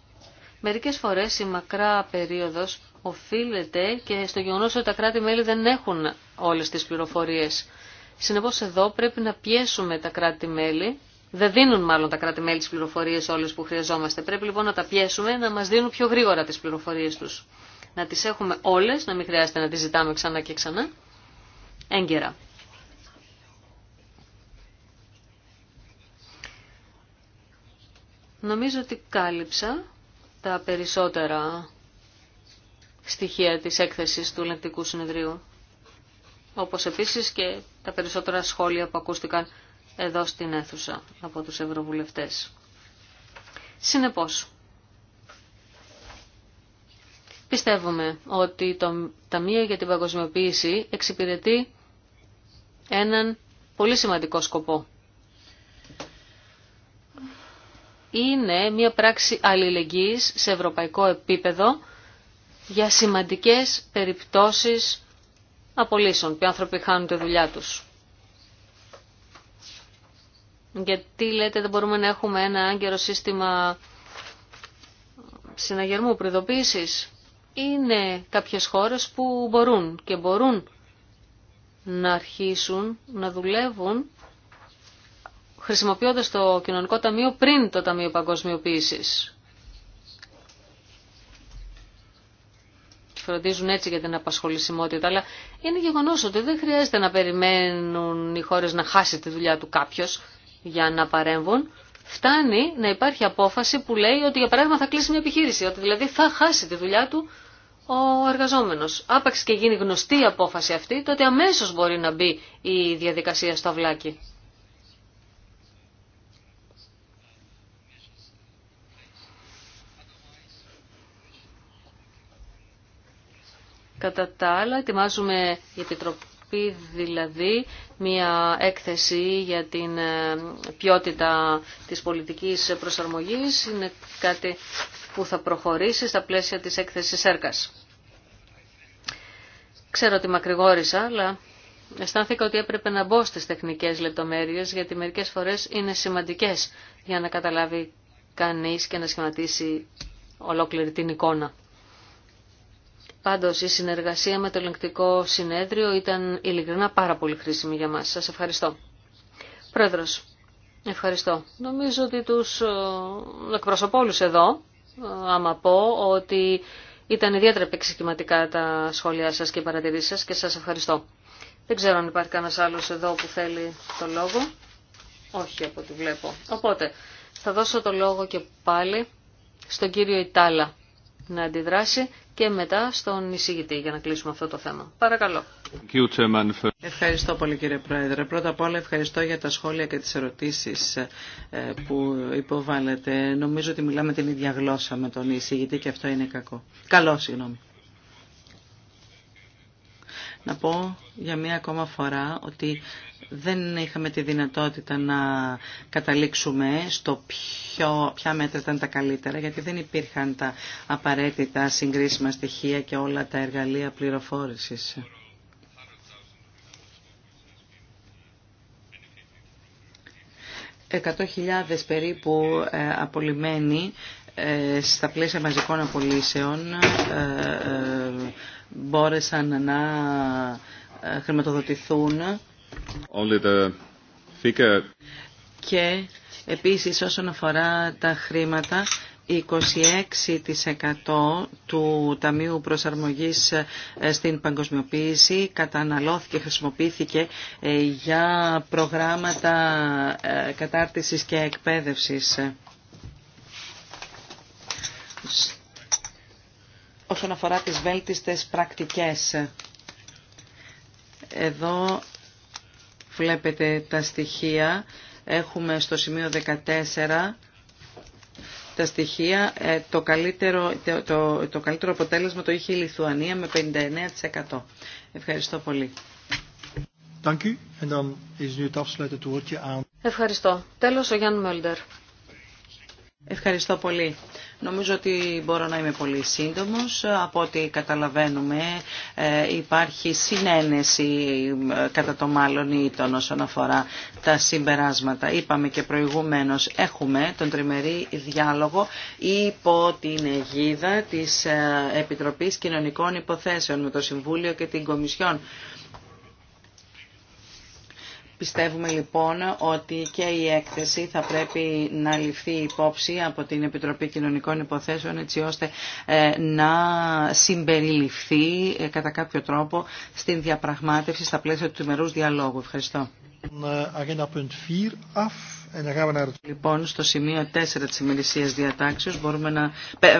Μερικές φορές η μακρά περίοδος οφείλεται και στο γεγονός ότι τα κράτη-μέλη δεν έχουν όλες τις πληροφορίες. Συνεπώς εδώ πρέπει να πιέσουμε τα κράτη-μέλη, δεν δίνουν μάλλον τα κράτη-μέλη τις πληροφορίες όλες που χρειαζόμαστε. Πρέπει λοιπόν να τα πιέσουμε να μας δίνουν πιο γρήγορα τις πληροφορίες τους. Να τις έχουμε όλες, να μην χρειάζεται να τις ζητάμε ξανά και ξανά, έγκαιρα. Νομίζω ότι κάλυψα τα περισσότερα στοιχεία της έκθεσης του Ελεκτικού Συνεδρίου, όπως επίσης και τα περισσότερα σχόλια που ακούστηκαν εδώ στην αίθουσα από τους ευρωβουλευτές. Συνεπώς, πιστεύουμε ότι το Ταμείο για την Παγκοσμιοποίηση εξυπηρετεί έναν πολύ σημαντικό σκοπό. Είναι μια πράξη αλληλεγγύης σε ευρωπαϊκό επίπεδο για σημαντικές περιπτώσεις απολύσεων, ποιοι άνθρωποι χάνουν τη δουλειά τους. Γιατί λέτε δεν μπορούμε να έχουμε ένα άγγερο σύστημα συναγερμού προειδοποίησης. Είναι κάποιες χώρες που μπορούν και μπορούν να αρχίσουν να δουλεύουν χρησιμοποιώντας το κοινωνικό ταμείο πριν το Ταμείο Παγκοσμιοποίησης. φροντίζουν έτσι για την απασχολησιμότητα. Αλλά είναι γεγονό ότι δεν χρειάζεται να περιμένουν οι χώρες να χάσει τη δουλειά του κάποιο για να παρέμβουν. Φτάνει να υπάρχει απόφαση που λέει ότι για παράδειγμα θα κλείσει μια επιχείρηση, ότι δηλαδή θα χάσει τη δουλειά του ο εργαζόμενος. Άπαξ και γίνει γνωστή η απόφαση αυτή, τότε αμέσω μπορεί να μπει η διαδικασία στο αυλάκι. Κατά τα άλλα, ετοιμάζουμε η Επιτροπή δηλαδή μια έκθεση για την ε, ποιότητα της πολιτικής προσαρμογής. Είναι κάτι που θα προχωρήσει στα πλαίσια της έκθεσης ΕΡΚΑΣ. Ξέρω ότι μακρηγόρησα, αλλά αισθάνθηκα ότι έπρεπε να μπω στις τεχνικές λεπτομέρειες, γιατί μερικές φορές είναι σημαντικές για να καταλάβει κανείς και να σχηματίσει ολόκληρη την εικόνα. Πάντως η συνεργασία με το ελεγκτικό συνέδριο ήταν ειλικρινά πάρα πολύ χρήσιμη για μας. Σας ευχαριστώ. Πρόεδρος, ευχαριστώ. Νομίζω ότι τους ε, εκπροσωπώ εδώ, ε, άμα πω, ότι ήταν ιδιαίτερα επεξηγηματικά τα σχόλιά σας και οι παρατηρήσεις σας και σας ευχαριστώ. Δεν ξέρω αν υπάρχει κανένας άλλος εδώ που θέλει το λόγο. Όχι από ό,τι βλέπω. Οπότε θα δώσω το λόγο και πάλι στον κύριο Ιτάλα να αντιδράσει και μετά στον εισηγητή για να κλείσουμε αυτό το θέμα. Παρακαλώ. Ευχαριστώ πολύ κύριε Πρόεδρε. Πρώτα απ' όλα ευχαριστώ για τα σχόλια και τις ερωτήσεις ε, που υποβάλλετε. Νομίζω ότι μιλάμε την ίδια γλώσσα με τον εισηγητή και αυτό είναι κακό. Καλό, συγγνώμη να πω για μία ακόμα φορά ότι δεν είχαμε τη δυνατότητα να καταλήξουμε στο ποιο, ποια μέτρα ήταν τα καλύτερα, γιατί δεν υπήρχαν τα απαραίτητα συγκρίσιμα στοιχεία και όλα τα εργαλεία πληροφόρησης. Εκατό περίπου ε, απολυμμένοι ε, στα πλαίσια μαζικών απολύσεων ε, μπόρεσαν να ε, χρηματοδοτηθούν. Only the figure. Και επίσης όσον αφορά τα χρήματα, 26% του Ταμείου Προσαρμογής ε, στην Παγκοσμιοποίηση καταναλώθηκε, χρησιμοποιήθηκε ε, για προγράμματα κατάρτισης και εκπαίδευσης όσον αφορά τις βέλτιστες πρακτικές. Εδώ βλέπετε τα στοιχεία. Έχουμε στο σημείο 14 τα στοιχεία. Ε, το, καλύτερο, το, το, καλύτερο αποτέλεσμα το είχε η Λιθουανία με 59%. Ευχαριστώ πολύ. Ευχαριστώ. Τέλος ο Γιάννη Μέλντερ. Ευχαριστώ πολύ. Νομίζω ότι μπορώ να είμαι πολύ σύντομος. Από ό,τι καταλαβαίνουμε ε, υπάρχει συνένεση ε, κατά το μάλλον τον όσον αφορά τα συμπεράσματα. Είπαμε και προηγουμένως έχουμε τον τριμερή διάλογο υπό την αιγίδα της ε, Επιτροπής Κοινωνικών Υποθέσεων με το Συμβούλιο και την Κομισιόν. Πιστεύουμε λοιπόν ότι και η έκθεση θα πρέπει να ληφθεί υπόψη από την Επιτροπή Κοινωνικών Υποθέσεων έτσι ώστε ε, να συμπεριληφθεί ε, κατά κάποιο τρόπο στην διαπραγμάτευση στα πλαίσια του ημερούς διαλόγου. Ευχαριστώ. Λοιπόν, στο σημείο 4 της ημερησίας διατάξεως μπορούμε να...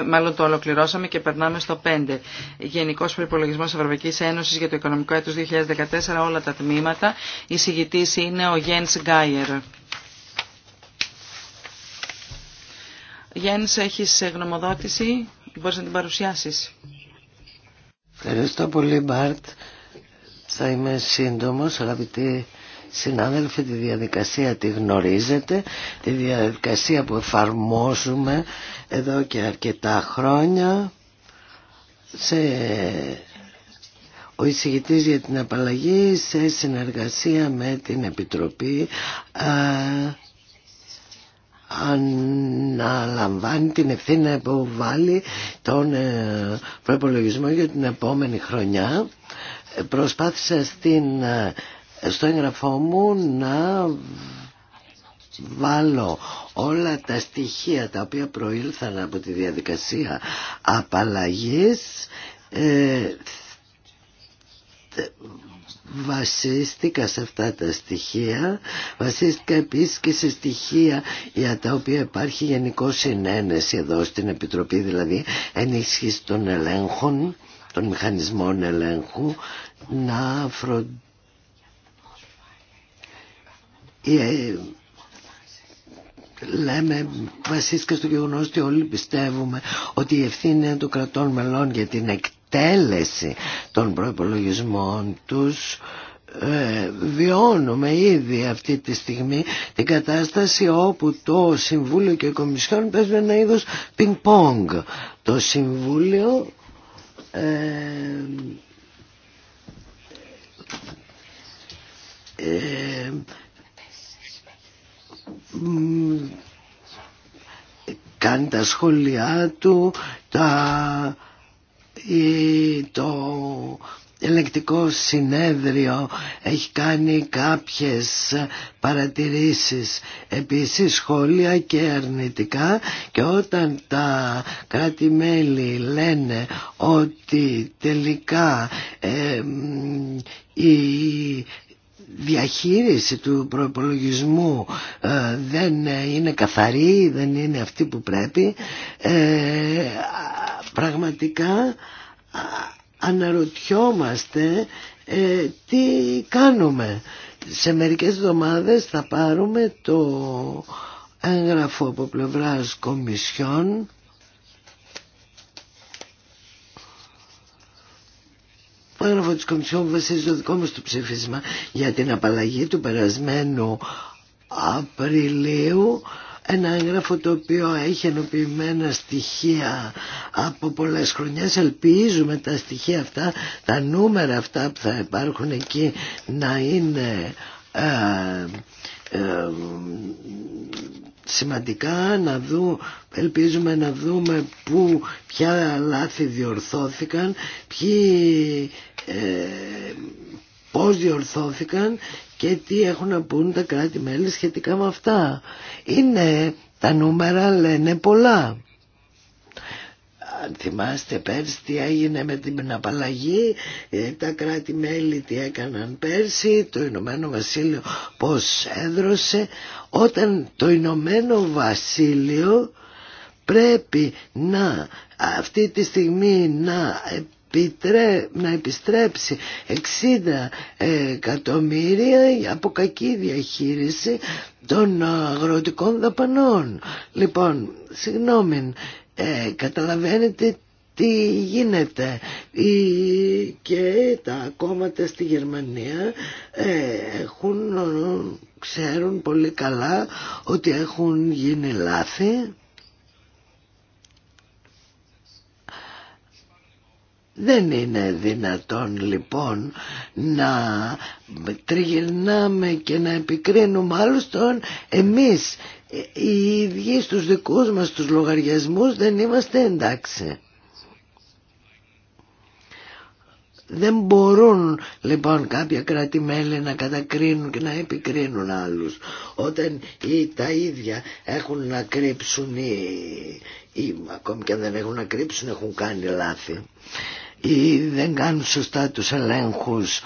Μάλλον το ολοκληρώσαμε και περνάμε στο 5. Γενικός Προϋπολογισμός Ευρωπαϊκής Ένωσης για το Οικονομικό Έτος 2014, όλα τα τμήματα. Η συγητής είναι ο Γένς Γκάιερ. Γένς, έχεις γνωμοδότηση, μπορείς να την παρουσιάσεις. Ευχαριστώ πολύ, Μπάρτ. Θα είμαι σύντομος, αγαπητοί Συνάδελφοι, τη διαδικασία τη γνωρίζετε, τη διαδικασία που εφαρμόζουμε εδώ και αρκετά χρόνια. Σε... Ο εισηγητής για την απαλλαγή σε συνεργασία με την Επιτροπή να ε, αναλαμβάνει την ευθύνη να βάλει τον ε, προπολογισμό για την επόμενη χρονιά. Ε, Προσπάθησε στην στο εγγραφό μου να βάλω όλα τα στοιχεία τα οποία προήλθαν από τη διαδικασία απαλλαγής ε, βασίστηκα σε αυτά τα στοιχεία βασίστηκα επίσης και σε στοιχεία για τα οποία υπάρχει γενικό συνένεση εδώ στην Επιτροπή δηλαδή ενίσχυση των ελέγχων των μηχανισμών ελέγχου να φροντίσουν ε, λέμε βασίσκα στο γεγονό ότι όλοι πιστεύουμε ότι η ευθύνη των κρατών μελών για την εκτέλεση των προϋπολογισμών τους ε, βιώνουμε ήδη αυτή τη στιγμή την κατάσταση όπου το Συμβούλιο και η Κομισιόν παίζουν ένα είδος πινκ-πονγκ. Το Συμβούλιο ε, ε, κάνει τα σχόλιά του, τα, το ελεκτικό συνέδριο έχει κάνει κάποιες παρατηρήσεις επίσης σχόλια και αρνητικά και όταν τα κράτη-μέλη λένε ότι τελικά η διαχείριση του προπολογισμού ε, δεν είναι καθαρή, δεν είναι αυτή που πρέπει, ε, πραγματικά αναρωτιόμαστε ε, τι κάνουμε. Σε μερικές εβδομάδες θα πάρουμε το έγγραφο από πλευράς κομισιών έγγραφο της Κομισιόν βασίζει το δικό μα το ψήφισμα για την απαλλαγή του περασμένου Απριλίου ένα έγγραφο το οποίο έχει ενοποιημένα στοιχεία από πολλές χρονιές. Ελπίζουμε τα στοιχεία αυτά, τα νούμερα αυτά που θα υπάρχουν εκεί να είναι ε, ε, σημαντικά να δούμε, ελπίζουμε να δούμε πού, ποια λάθη διορθώθηκαν, ποιοι ε, πώς διορθώθηκαν και τι έχουν να πούν τα κράτη-μέλη σχετικά με αυτά. Είναι, τα νούμερα λένε πολλά. Αν θυμάστε πέρσι τι έγινε με την απαλλαγή, ε, τα κράτη-μέλη τι έκαναν πέρσι, το Ηνωμένο Βασίλειο πώς έδρωσε. Όταν το Ηνωμένο Βασίλειο πρέπει να αυτή τη στιγμή να να επιστρέψει 60 εκατομμύρια από κακή διαχείριση των αγροτικών δαπανών. Λοιπόν, συγγνώμη, ε, καταλαβαίνετε τι γίνεται και τα κόμματα στη Γερμανία ε, έχουν, ξέρουν πολύ καλά ότι έχουν γίνει λάθη Δεν είναι δυνατόν λοιπόν να τριγυρνάμε και να επικρίνουμε άλλους τον εμείς οι ίδιοι στους δικούς μας τους λογαριασμούς δεν είμαστε εντάξει. Δεν μπορούν λοιπόν κάποια κράτη-μέλη να κατακρίνουν και να επικρίνουν άλλους όταν οι, τα ίδια έχουν να κρύψουν ή, ή ακόμη και αν δεν έχουν να κρύψουν έχουν κάνει λάθη ή δεν κάνουν σωστά τους ελέγχους.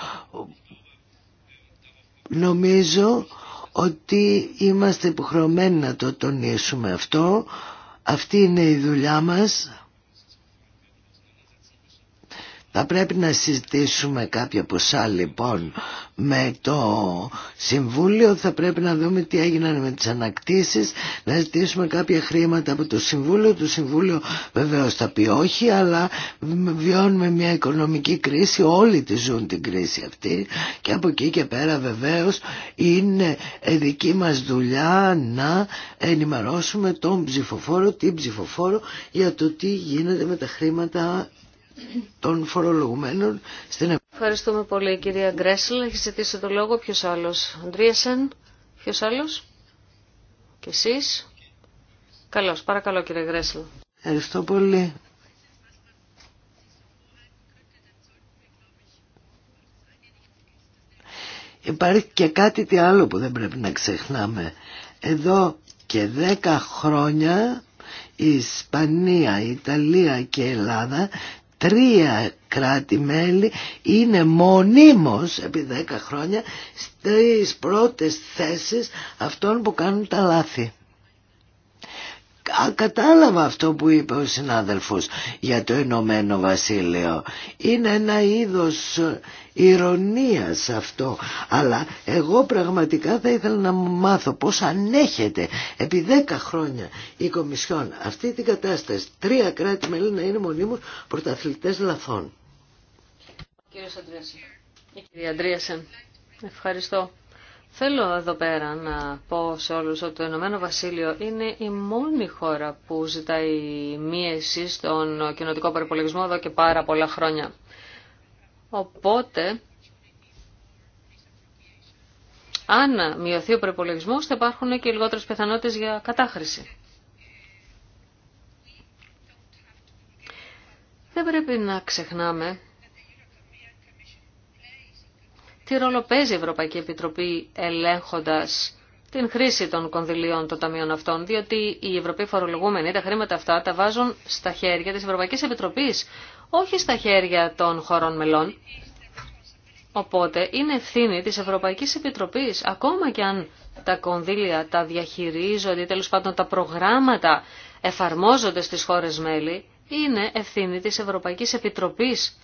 Νομίζω ότι είμαστε υποχρεωμένοι να το τονίσουμε αυτό. Αυτή είναι η δουλειά μας. Θα πρέπει να συζητήσουμε κάποια ποσά λοιπόν με το Συμβούλιο, θα πρέπει να δούμε τι έγιναν με τις ανακτήσεις, να ζητήσουμε κάποια χρήματα από το Συμβούλιο. Το Συμβούλιο βεβαίω θα πει όχι, αλλά βιώνουμε μια οικονομική κρίση, όλοι τη ζουν την κρίση αυτή και από εκεί και πέρα βεβαίω είναι δική μας δουλειά να ενημερώσουμε τον ψηφοφόρο, την ψηφοφόρο για το τι γίνεται με τα χρήματα των φορολογουμένων στην Ευρώπη. Ευχαριστούμε πολύ κυρία Γκρέσλ. Έχει ζητήσει το λόγο. Ποιος άλλος. Αντρίασεν. Ποιος άλλος. Και εσείς. Καλώς. Παρακαλώ κύριε Γκρέσλ. Ευχαριστώ πολύ. Υπάρχει και κάτι τι άλλο που δεν πρέπει να ξεχνάμε. Εδώ και δέκα χρόνια η Ισπανία, η Ιταλία και η Ελλάδα τρία κράτη-μέλη είναι μονίμως επί δέκα χρόνια στις πρώτες θέσεις αυτών που κάνουν τα λάθη κατάλαβα αυτό που είπε ο συνάδελφος για το Ενωμένο Βασίλειο. Είναι ένα είδος ε, ηρωνίας αυτό. Αλλά εγώ πραγματικά θα ήθελα να μάθω πώς ανέχεται επί δέκα χρόνια η Κομισιόν αυτή την κατάσταση. Τρία κράτη μέλη να είναι μονίμως πρωταθλητές λαθών. Κύριος Αντρέασεν. Η Ευχαριστώ. Θέλω εδώ πέρα να πω σε όλους ότι το Ηνωμένο Βασίλειο είναι η μόνη χώρα που ζητάει μίεση στον κοινοτικό προπολογισμό εδώ και πάρα πολλά χρόνια. Οπότε, αν μειωθεί ο προπολογισμό, θα υπάρχουν και λιγότερε πιθανότητε για κατάχρηση. Δεν πρέπει να ξεχνάμε τι ρόλο παίζει η Ευρωπαϊκή Επιτροπή ελέγχοντας την χρήση των κονδυλίων των ταμείων αυτών, διότι οι Ευρωπαίοι φορολογούμενοι τα χρήματα αυτά τα βάζουν στα χέρια της Ευρωπαϊκής Επιτροπής, όχι στα χέρια των χωρών μελών. Οπότε είναι ευθύνη της Ευρωπαϊκής Επιτροπής, ακόμα και αν τα κονδύλια τα διαχειρίζονται, τέλος πάντων τα προγράμματα εφαρμόζονται στις χώρες μέλη, είναι ευθύνη της Ευρωπαϊκής Επιτροπής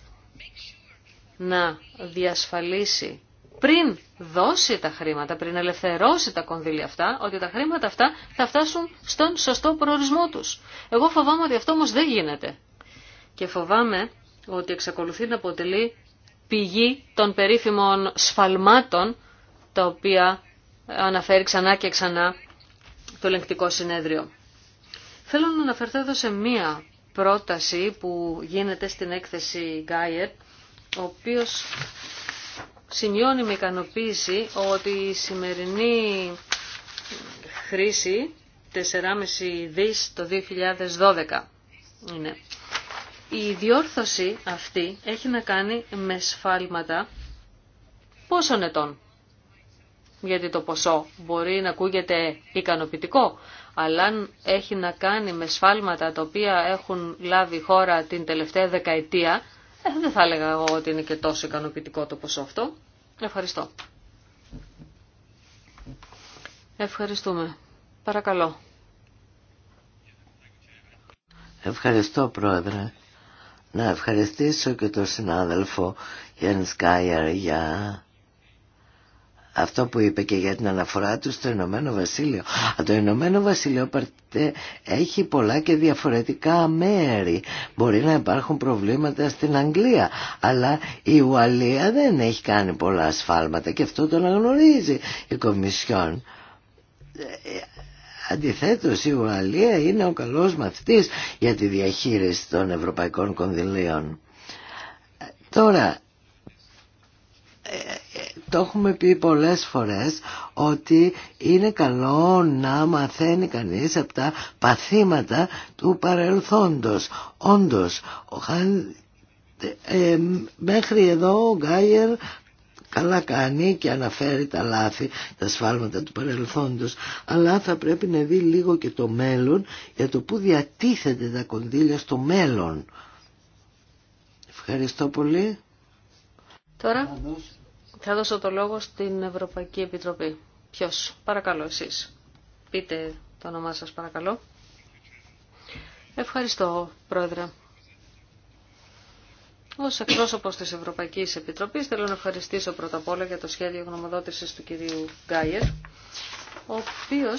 να διασφαλίσει πριν δώσει τα χρήματα, πριν ελευθερώσει τα κονδύλια αυτά, ότι τα χρήματα αυτά θα φτάσουν στον σωστό προορισμό τους. Εγώ φοβάμαι ότι αυτό όμως δεν γίνεται. Και φοβάμαι ότι εξακολουθεί να αποτελεί πηγή των περίφημων σφαλμάτων, τα οποία αναφέρει ξανά και ξανά το ελεγκτικό συνέδριο. Θέλω να αναφερθώ εδώ σε μία πρόταση που γίνεται στην έκθεση Γκάιερ, ο οποίος σημειώνει με ικανοποίηση ότι η σημερινή χρήση 4,5 δις το 2012 είναι. Η διόρθωση αυτή έχει να κάνει με σφάλματα πόσων ετών. Γιατί το ποσό μπορεί να ακούγεται ικανοποιητικό, αλλά αν έχει να κάνει με σφάλματα τα οποία έχουν λάβει η χώρα την τελευταία δεκαετία, ε, δεν θα έλεγα εγώ ότι είναι και τόσο ικανοποιητικό το ποσό αυτό. Ευχαριστώ. Ευχαριστούμε. Παρακαλώ. Ευχαριστώ πρόεδρε. Να ευχαριστήσω και τον συνάδελφο Γιάννη Σκάιερ για αυτό που είπε και για την αναφορά του στο Ηνωμένο Βασίλειο. Α, το Ηνωμένο Βασίλειο έχει πολλά και διαφορετικά μέρη. Μπορεί να υπάρχουν προβλήματα στην Αγγλία, αλλά η Ουαλία δεν έχει κάνει πολλά ασφάλματα και αυτό το αναγνωρίζει η Κομισιόν. Ε, αντιθέτως η Ουαλία είναι ο καλός μαθητής για τη διαχείριση των ευρωπαϊκών κονδυλίων. Ε, τώρα, ε, το έχουμε πει πολλές φορές ότι είναι καλό να μαθαίνει κανείς από τα παθήματα του παρελθόντος. Όντως, ο ε, μέχρι εδώ ο Γκάιερ καλά κάνει και αναφέρει τα λάθη, τα σφάλματα του παρελθόντος, αλλά θα πρέπει να δει λίγο και το μέλλον για το που διατίθεται τα κονδύλια στο μέλλον. Ευχαριστώ πολύ. Τώρα θα δώσω το λόγο στην Ευρωπαϊκή Επιτροπή. Ποιο παρακαλώ εσείς. Πείτε το όνομά σα παρακαλώ. Ευχαριστώ, Πρόεδρε. Ω εκπρόσωπο τη Ευρωπαϊκή Επιτροπής θέλω να ευχαριστήσω πρώτα απ' όλα για το σχέδιο γνωμοδότησης του κυρίου Γκάιερ, ο οποίο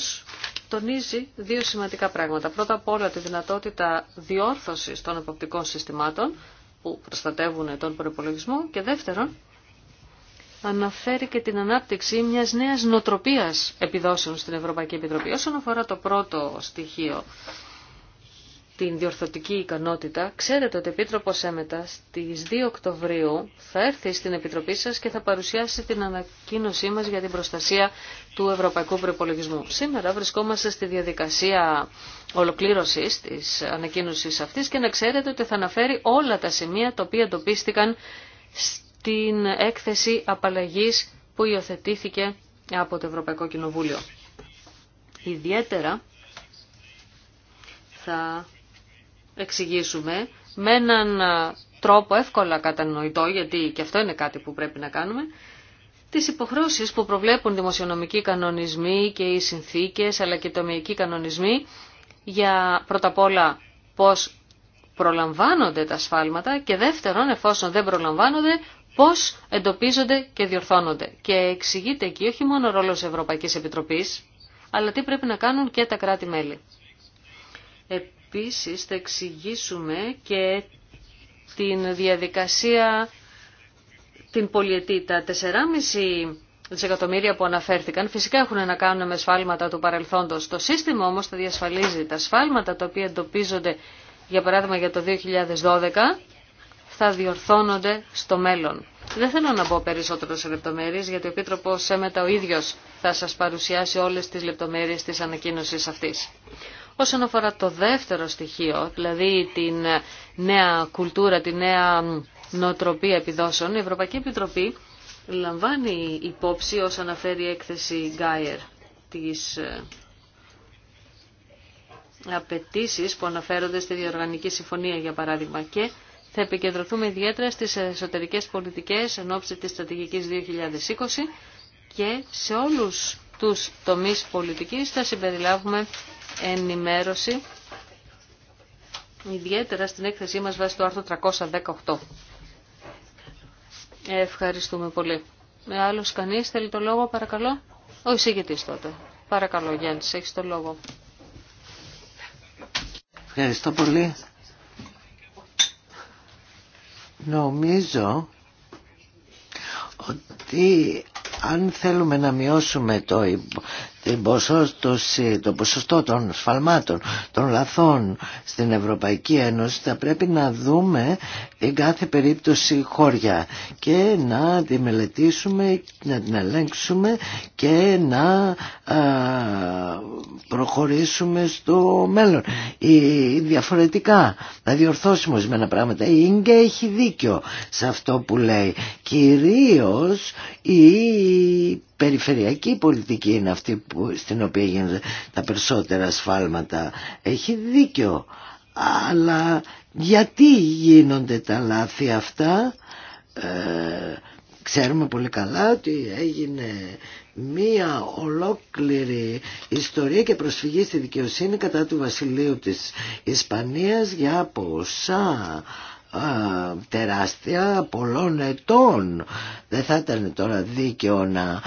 τονίζει δύο σημαντικά πράγματα. Πρώτα απ' όλα τη δυνατότητα διόρθωσης των εποπτικών συστημάτων που προστατεύουν τον προπολογισμό και δεύτερον αναφέρει και την ανάπτυξη μιας νέας νοτροπίας επιδόσεων στην Ευρωπαϊκή Επιτροπή. Όσον αφορά το πρώτο στοιχείο, την διορθωτική ικανότητα, ξέρετε ότι ο Επίτροπος Έμετα στις 2 Οκτωβρίου θα έρθει στην Επιτροπή σας και θα παρουσιάσει την ανακοίνωσή μας για την προστασία του Ευρωπαϊκού Προπολογισμού. Σήμερα βρισκόμαστε στη διαδικασία ολοκλήρωσης της ανακοίνωσης αυτής και να ξέρετε ότι θα αναφέρει όλα τα σημεία τα οποία εντοπίστηκαν την έκθεση απαλλαγής που υιοθετήθηκε από το Ευρωπαϊκό Κοινοβούλιο. Ιδιαίτερα θα εξηγήσουμε με έναν τρόπο εύκολα κατανοητό, γιατί και αυτό είναι κάτι που πρέπει να κάνουμε, τις υποχρεώσεις που προβλέπουν δημοσιονομικοί κανονισμοί και οι συνθήκες, αλλά και τομιακοί κανονισμοί, για πρώτα απ' όλα πώς προλαμβάνονται τα σφάλματα και δεύτερον, εφόσον δεν προλαμβάνονται, πώς εντοπίζονται και διορθώνονται. Και εξηγείται εκεί όχι μόνο ο ρόλος Ευρωπαϊκής Επιτροπής, αλλά τι πρέπει να κάνουν και τα κράτη-μέλη. Επίσης θα εξηγήσουμε και την διαδικασία την πολιετή. Τα 4,5 δισεκατομμύρια που αναφέρθηκαν φυσικά έχουν να κάνουν με σφάλματα του παρελθόντος. Το σύστημα όμως θα διασφαλίζει τα σφάλματα τα οποία εντοπίζονται για παράδειγμα για το 2012 θα διορθώνονται στο μέλλον. Δεν θέλω να μπω περισσότερο σε λεπτομέρειες γιατί ο Επίτροπος έμετα ο ίδιος θα σας παρουσιάσει όλες τις λεπτομέρειες της ανακοίνωσης αυτής. Όσον αφορά το δεύτερο στοιχείο, δηλαδή την νέα κουλτούρα, τη νέα νοοτροπία επιδόσεων, η Ευρωπαϊκή Επιτροπή λαμβάνει υπόψη όσο αναφέρει η έκθεση Γκάιερ της ε, απαιτήσει που αναφέρονται στη διοργανική συμφωνία για παράδειγμα και θα επικεντρωθούμε ιδιαίτερα στις εσωτερικές πολιτικές εν ώψη της στρατηγικής 2020 και σε όλους τους τομείς πολιτικής θα συμπεριλάβουμε ενημέρωση ιδιαίτερα στην έκθεσή μας βάσει το άρθρο 318. Ευχαριστούμε πολύ. Με άλλος κανείς θέλει το λόγο παρακαλώ. Ο εισηγητής τότε. Παρακαλώ Γιάννης, έχεις το λόγο. Ευχαριστώ πολύ. Νομίζω ότι αν θέλουμε να μειώσουμε το, το ποσοστό των σφαλμάτων, των λαθών στην Ευρωπαϊκή Ένωση θα πρέπει να δούμε την κάθε περίπτωση χώρια και να τη μελετήσουμε, να την ελέγξουμε και να προχωρήσουμε στο μέλλον. διαφορετικά, να διορθώσουμε ορισμένα πράγματα. Η ίνγκε έχει δίκιο σε αυτό που λέει. Κυρίως η περιφερειακή πολιτική είναι αυτή που, στην οποία γίνονται τα περισσότερα σφάλματα έχει δίκιο αλλά γιατί γίνονται τα λάθη αυτά ε, ξέρουμε πολύ καλά ότι έγινε μία ολόκληρη ιστορία και προσφυγή στη δικαιοσύνη κατά του βασιλείου της Ισπανίας για ποσά τεράστια πολλών ετών. Δεν θα ήταν τώρα δίκαιο να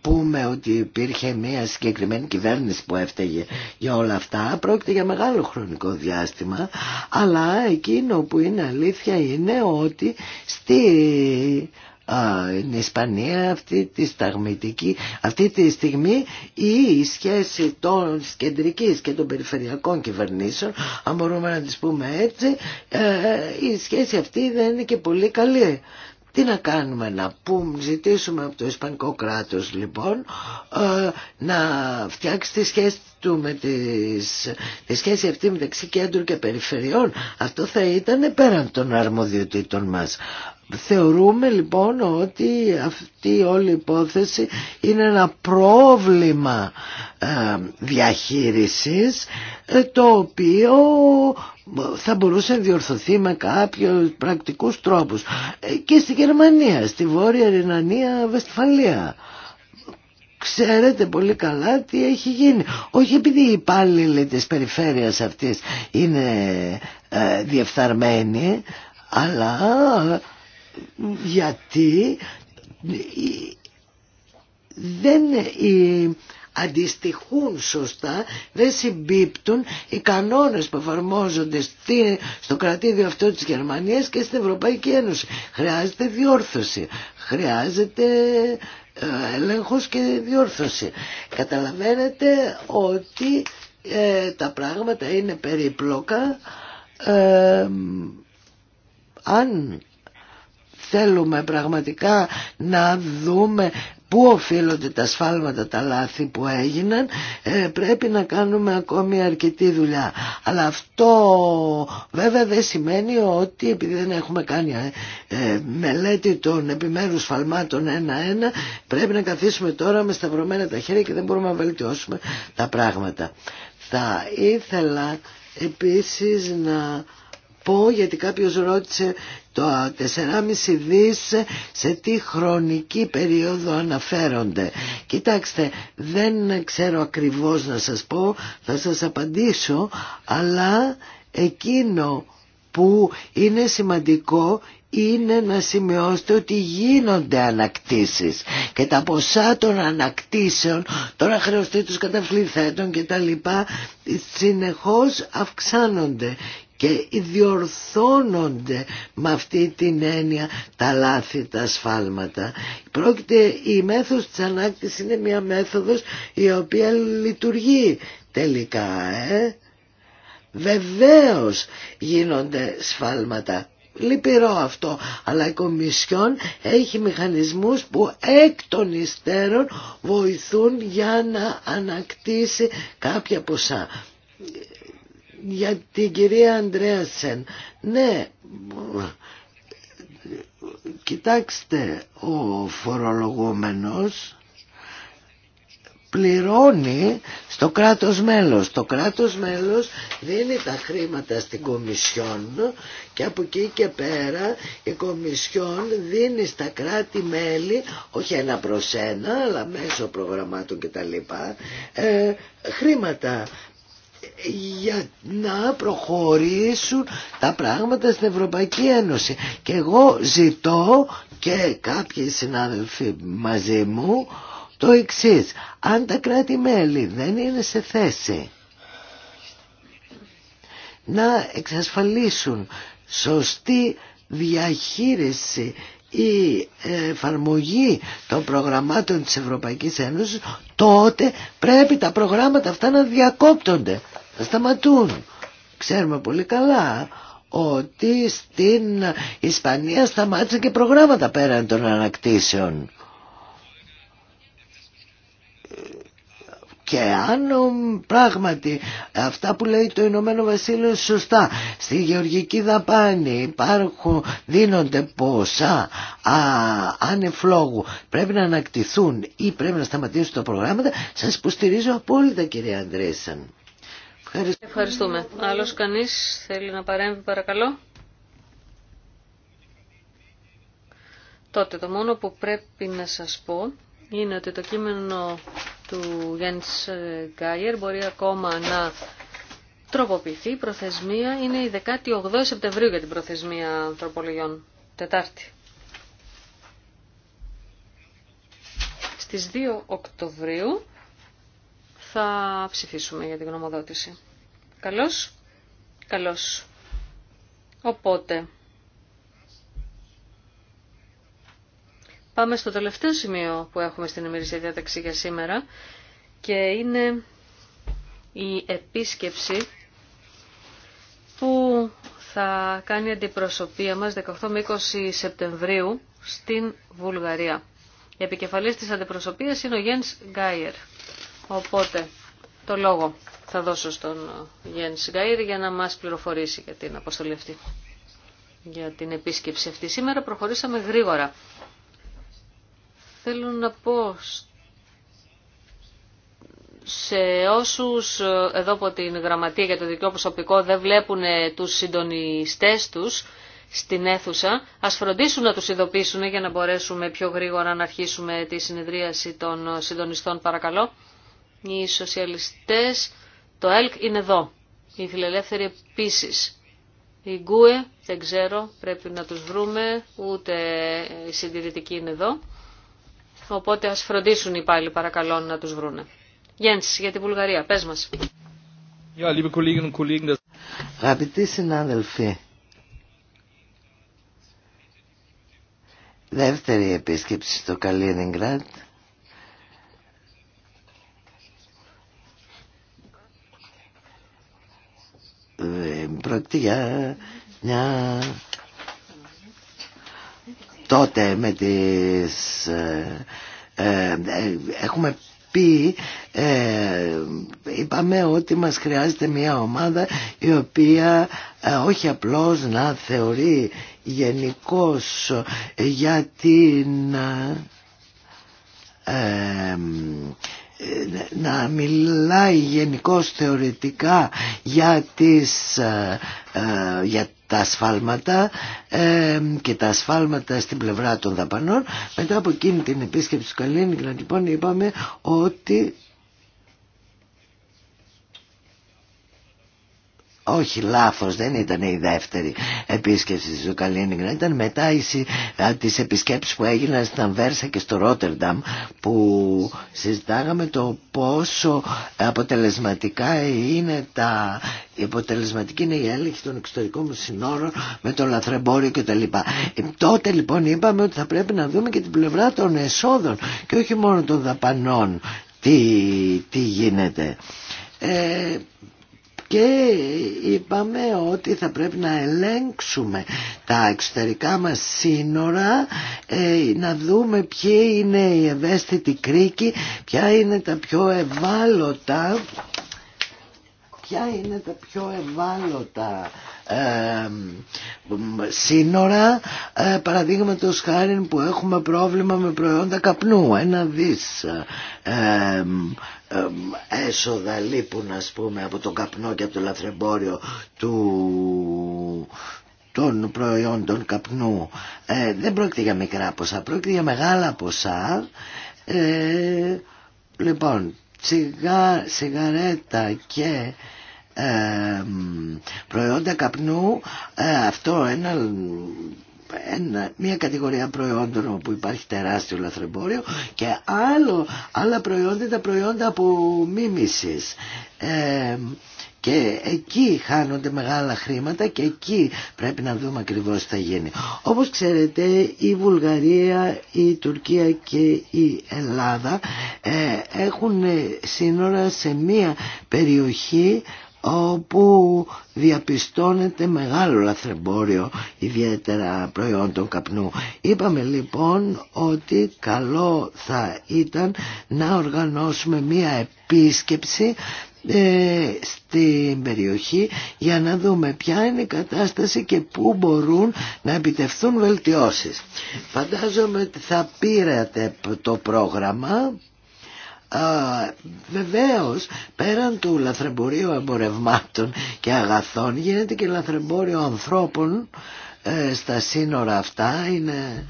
πούμε ότι υπήρχε μια συγκεκριμένη κυβέρνηση που έφταιγε για όλα αυτά. Πρόκειται για μεγάλο χρονικό διάστημα, αλλά εκείνο που είναι αλήθεια είναι ότι στη Ισπανία αυτή τη σταγμητική αυτή τη στιγμή η σχέση των κεντρικής και των περιφερειακών κυβερνήσεων αν μπορούμε να τις πούμε έτσι ε, η σχέση αυτή δεν είναι και πολύ καλή τι να κάνουμε να πούμε, ζητήσουμε από το Ισπανικό κράτος λοιπόν ε, να φτιάξει τη σχέση του με τις, τη σχέση αυτή μεταξύ κέντρου και περιφερειών. Αυτό θα ήταν πέραν των αρμοδιοτήτων μας. Θεωρούμε λοιπόν ότι αυτή όλη υπόθεση είναι ένα πρόβλημα ε, διαχείρισης ε, το οποίο θα μπορούσε να διορθωθεί με κάποιους πρακτικούς τρόπους ε, και στη Γερμανία, στη Βόρεια Ρινανία, Βεστφαλία, ξέρετε πολύ καλά τι έχει γίνει. Όχι επειδή οι υπάλληλοι της περιφέρειας αυτής είναι ε, διεφθαρμένοι, αλλά γιατί δεν αντιστοιχούν σωστά, δεν συμπίπτουν οι κανόνες που εφαρμόζονται στο κρατήδιο αυτό της Γερμανίας και στην Ευρωπαϊκή Ένωση. Χρειάζεται διόρθωση, χρειάζεται ε, έλεγχος και διόρθωση. Καταλαβαίνετε ότι ε, τα πράγματα είναι περίπλοκα ε, αν θέλουμε πραγματικά να δούμε πού οφείλονται τα σφάλματα, τα λάθη που έγιναν, ε, πρέπει να κάνουμε ακόμη αρκετή δουλειά. Αλλά αυτό βέβαια δεν σημαίνει ότι επειδή δεν έχουμε κάνει ε, ε, μελέτη των επιμέρους σφαλμάτων ένα-ένα, πρέπει να καθίσουμε τώρα με σταυρωμένα τα χέρια και δεν μπορούμε να βελτιώσουμε τα πράγματα. Θα ήθελα επίσης να πω γιατί κάποιος ρώτησε το 4,5 δις σε τι χρονική περίοδο αναφέρονται. Κοιτάξτε, δεν ξέρω ακριβώς να σας πω, θα σας απαντήσω, αλλά εκείνο που είναι σημαντικό είναι να σημειώσετε ότι γίνονται ανακτήσεις και τα ποσά των ανακτήσεων, τώρα χρεωστή τους καταφληθέτων και τα λοιπά συνεχώς αυξάνονται και διορθώνονται με αυτή την έννοια τα λάθη, τα σφάλματα Πρόκειται, η μέθοδος της ανάκτησης είναι μια μέθοδος η οποία λειτουργεί τελικά. Ε. Βεβαίως γίνονται σφάλματα. Λυπηρό αυτό, αλλά η Κομισιόν έχει μηχανισμούς που εκ των υστέρων βοηθούν για να ανακτήσει κάποια ποσά για την κυρία Σεν, Ναι, κοιτάξτε, ο φορολογούμενος πληρώνει στο κράτος μέλος. Το κράτος μέλος δίνει τα χρήματα στην Κομισιόν και από εκεί και πέρα η Κομισιόν δίνει στα κράτη-μέλη, όχι ένα προς ένα, αλλά μέσω προγραμμάτων κτλ, ε, χρήματα για να προχωρήσουν τα πράγματα στην Ευρωπαϊκή Ένωση. Και εγώ ζητώ και κάποιοι συνάδελφοι μαζί μου το εξής. Αν τα κράτη-μέλη δεν είναι σε θέση να εξασφαλίσουν σωστή διαχείριση η εφαρμογή των προγραμμάτων της Ευρωπαϊκής Ένωσης τότε πρέπει τα προγράμματα αυτά να διακόπτονται, να σταματούν. Ξέρουμε πολύ καλά ότι στην Ισπανία σταμάτησαν και προγράμματα πέραν των ανακτήσεων. και αν πράγματι αυτά που λέει το Ηνωμένο Βασίλειο σωστά στη γεωργική δαπάνη υπάρχουν, δίνονται ποσά ανεφλόγου πρέπει να ανακτηθούν ή πρέπει να σταματήσουν τα προγράμματα σας υποστηρίζω απόλυτα κυρία Ανδρέσαν Ευχαριστούμε. Ευχαριστούμε. Άλλος κανείς θέλει να παρέμβει παρακαλώ Τότε το μόνο που πρέπει να σας πω είναι ότι το κείμενο του Γιάννης Γκάιερ μπορεί ακόμα να τροποποιηθεί. Η προθεσμία είναι η 18 Σεπτεμβρίου για την προθεσμία τροπολογιών. Τετάρτη. Στις 2 Οκτωβρίου θα ψηφίσουμε για την γνωμοδότηση. Καλώς. Καλώς. Οπότε... Πάμε στο τελευταίο σημείο που έχουμε στην ημερήσια διάταξη για σήμερα και είναι η επίσκεψη που θα κάνει αντιπροσωπεία μας 18 με 20 Σεπτεμβρίου στην Βουλγαρία. Η επικεφαλής της αντιπροσωπείας είναι ο Γένς Γκάιερ. Οπότε το λόγο θα δώσω στον Γένς Γκάιερ για να μας πληροφορήσει για την αποστολή αυτή. Για την επίσκεψη αυτή σήμερα προχωρήσαμε γρήγορα Θέλω να πω σε όσους ε, εδώ από την Γραμματεία για το Δικαιό Προσωπικό δεν βλέπουν ε, τους συντονιστές τους στην αίθουσα, ας φροντίσουν να τους ειδοποιήσουν για να μπορέσουμε πιο γρήγορα να αρχίσουμε τη συνεδρίαση των ε, συντονιστών παρακαλώ. Οι σοσιαλιστές, το ΕΛΚ είναι εδώ, οι φιλελεύθεροι επίση, Οι Γκούε, δεν ξέρω, πρέπει να τους βρούμε, ούτε η συντηρητικοί είναι εδώ. Οπότε ας φροντίσουν οι πάλι παρακαλώ να τους βρούνε. Γέννηση για τη Βουλγαρία, πες μας. Αγαπητοί συνάδελφοι, δεύτερη επίσκεψη στο Καλίνιγκραντ ε, Πρώτη για μια τότε με τις... Ε, ε, ε, έχουμε πει, είπαμε ότι μας χρειάζεται μια ομάδα η οποία όχι απλώς να θεωρεί γενικώ για την να μιλάει γενικώ θεωρητικά για, τις, ε, ε, για τα ασφάλματα ε, και τα ασφάλματα στην πλευρά των δαπανών. Μετά από εκείνη την επίσκεψη του Καλίνικ λοιπόν, είπαμε ότι όχι λάθος δεν ήταν η δεύτερη επίσκεψη στο Καλίνιγκρα ήταν μετά τις επισκέψεις που έγιναν στην Αμβέρσα και στο Ρότερνταμ που συζητάγαμε το πόσο αποτελεσματικά είναι τα η αποτελεσματική είναι η έλεγχη των εξωτερικών συνόρων με το λαθρεμπόριο κτλ. Ε, τότε λοιπόν είπαμε ότι θα πρέπει να δούμε και την πλευρά των εσόδων και όχι μόνο των δαπανών τι, τι γίνεται. Ε, και είπαμε ότι θα πρέπει να ελέγξουμε τα εξωτερικά μας σύνορα ε, να δούμε ποιοι είναι οι ευαίσθητοι κρίκοι ποια είναι τα πιο ευάλωτα ποια είναι τα πιο ευάλωτα σύνορα ε, παραδείγματος χάρη που έχουμε πρόβλημα με προϊόντα καπνού ένα δις ε, έσοδα λείπουν ας πούμε από τον καπνό και από το λαθρεμπόριο του, των προϊόντων καπνού ε, δεν πρόκειται για μικρά ποσά πρόκειται για μεγάλα ποσά ε, λοιπόν σιγά, σιγαρέτα και ε, προϊόντα καπνού ε, αυτό ένα μια κατηγορία προϊόντων που υπάρχει τεράστιο λαθρεμπόριο και άλλο, άλλα προϊόντα τα προϊόντα από μίμησης. Ε, και εκεί χάνονται μεγάλα χρήματα και εκεί πρέπει να δούμε ακριβώς τι θα γίνει. Όπως ξέρετε η Βουλγαρία, η Τουρκία και η Ελλάδα έχουν σύνορα σε μια περιοχή όπου διαπιστώνεται μεγάλο λαθρεμπόριο ιδιαίτερα προϊόντων καπνού. Είπαμε λοιπόν ότι καλό θα ήταν να οργανώσουμε μία επίσκεψη ε, στην περιοχή για να δούμε ποια είναι η κατάσταση και πού μπορούν να επιτευθούν βελτιώσεις. Φαντάζομαι ότι θα πήρατε το πρόγραμμα βεβαίως πέραν του λαθρεμπορίου εμπορευμάτων και αγαθών γίνεται και λαθρεμπόριο ανθρώπων ε, στα σύνορα αυτά είναι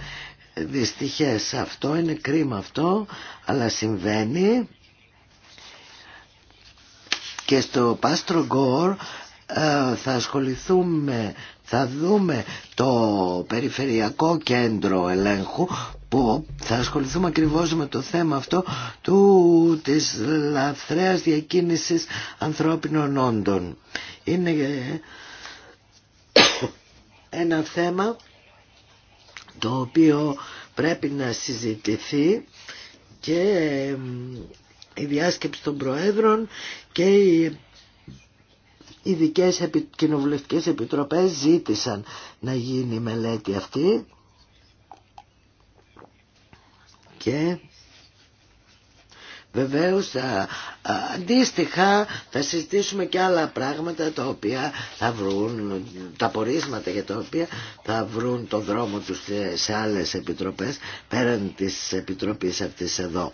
δυστυχές αυτό είναι κρίμα αυτό αλλά συμβαίνει και στο Πάστρο Γκόρ ε, θα ασχοληθούμε θα δούμε το περιφερειακό κέντρο ελέγχου που θα ασχοληθούμε ακριβώς με το θέμα αυτό του, της λαθρέας διακίνησης ανθρώπινων όντων. Είναι ε, (coughs) ένα θέμα το οποίο πρέπει να συζητηθεί και ε, η διάσκεψη των Προέδρων και οι ειδικέ κοινοβουλευτικέ επιτροπές ζήτησαν να γίνει η μελέτη αυτή και Βεβαίως αντίστοιχα θα συζητήσουμε και άλλα πράγματα τα οποία θα βρουν, τα πορίσματα για τα οποία θα βρουν το δρόμο τους σε, σε άλλες επιτροπές πέραν της επιτροπής αυτής εδώ.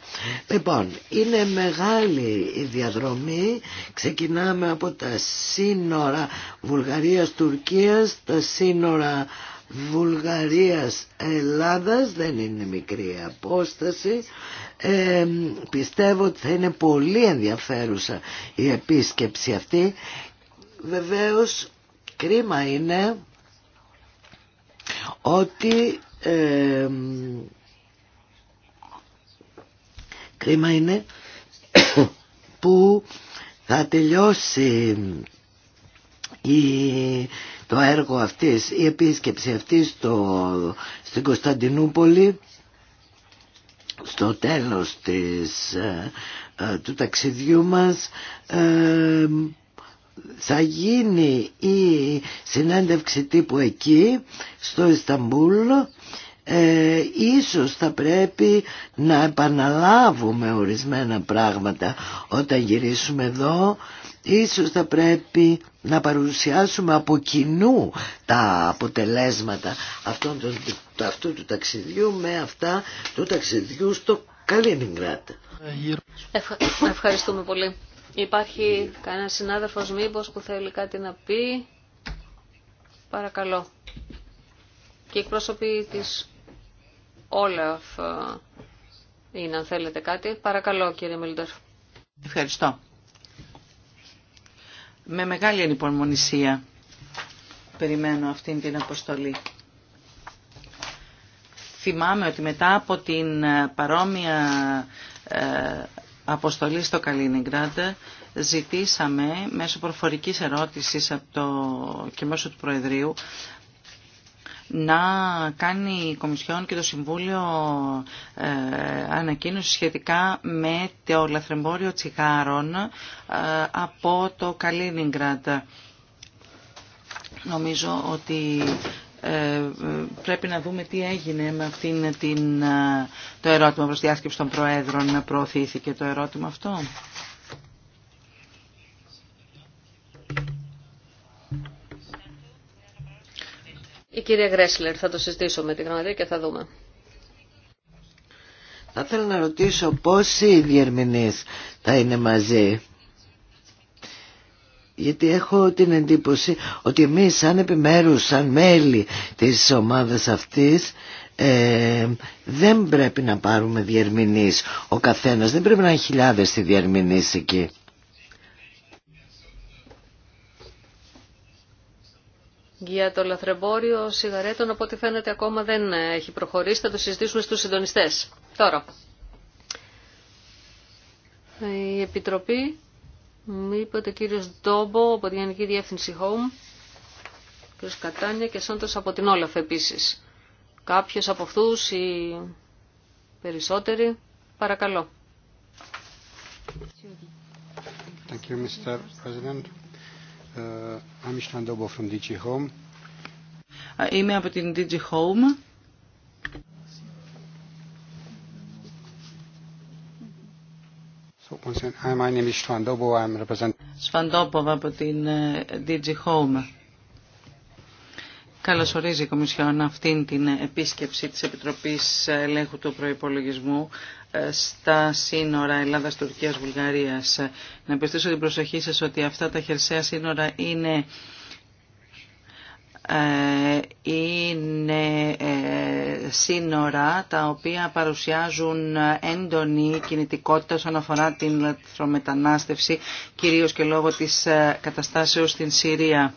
Λοιπόν, είναι μεγάλη η διαδρομή. Ξεκινάμε από τα σύνορα Βουλγαρίας-Τουρκίας, τα σύνορα Βουλγαρίας Ελλάδας δεν είναι μικρή απόσταση ε, πιστεύω ότι θα είναι πολύ ενδιαφέρουσα η επίσκεψη αυτή βεβαίως κρίμα είναι ότι ε, κρίμα είναι που θα τελειώσει η το έργο αυτής, η επίσκεψη αυτή στο, στην Κωνσταντινούπολη στο τέλος της, ε, ε, του ταξιδιού μας ε, θα γίνει η συνέντευξη τύπου εκεί στο Ισταμπούλ ε, ίσως θα πρέπει να επαναλάβουμε ορισμένα πράγματα όταν γυρίσουμε εδώ ίσως θα πρέπει να παρουσιάσουμε από κοινού τα αποτελέσματα αυτού του ταξιδιού με αυτά του ταξιδιού στο Καλίνιγκρατ. Ευχα, ευχαριστούμε πολύ. Υπάρχει κανένα συνάδελφος μήπως που θέλει κάτι να πει. Παρακαλώ. Και εκπρόσωποι της Όλαφ ε, είναι αν θέλετε κάτι. Παρακαλώ κύριε Μιλντορφ. Ευχαριστώ. Με μεγάλη ανυπομονησία περιμένω αυτήν την αποστολή. Θυμάμαι ότι μετά από την ε, παρόμοια ε, αποστολή στο Καλίνιγκραντ ζητήσαμε μέσω προφορικής ερώτησης από το... και μέσω του Προεδρείου να κάνει η Κομισιόν και το Συμβούλιο ε, ανακοίνωση σχετικά με το λαθρεμπόριο τσιγάρων ε, από το Καλίνιγκραντ. Νομίζω ότι ε, πρέπει να δούμε τι έγινε με αυτήν την, το ερώτημα προς διάσκεψη των Προέδρων. Προωθήθηκε το ερώτημα αυτό. Η κυρία Γκρέσλερ, θα το συζητήσω με τη γραμματεία και θα δούμε. Θα ήθελα να ρωτήσω πόσοι οι διερμηνείς θα είναι μαζί. Γιατί έχω την εντύπωση ότι εμείς σαν επιμέρους, σαν μέλη της ομάδας αυτής ε, δεν πρέπει να πάρουμε διερμηνείς ο καθένας. Δεν πρέπει να είναι χιλιάδες οι διερμηνείς εκεί. για το λαθρεμπόριο σιγαρέτων, από ό,τι φαίνεται ακόμα δεν έχει προχωρήσει, θα το συζητήσουμε στους συντονιστές. Τώρα, η Επιτροπή, μου είπε ο κύριος Ντόμπο από τη Γενική Διεύθυνση Home, ο κύριος Κατάνια και Σόντος από την Όλαφ επίσης. Κάποιος από αυτούς, η περισσότεροι, παρακαλώ. Thank you, Mr. President. Ε, είμαι από την DigiHome. Είμαι από την ε, DigiHome. Είμαι από την DigiHome. Καλωσορίζει η Κομισιόν αυτήν την επίσκεψη της Επιτροπής Ελέγχου του Προϋπολογισμού ε, στα σύνορα Ελλάδας-Τουρκίας-Βουλγαρίας. Να πιστήσω την προσοχή σας ότι αυτά τα χερσαία σύνορα είναι ε, ε, σύνορα τα οποία παρουσιάζουν έντονη κινητικότητα όσον αφορά την λαθρομετανάστευση, κυρίως και λόγω της καταστάσεως στην Συρία.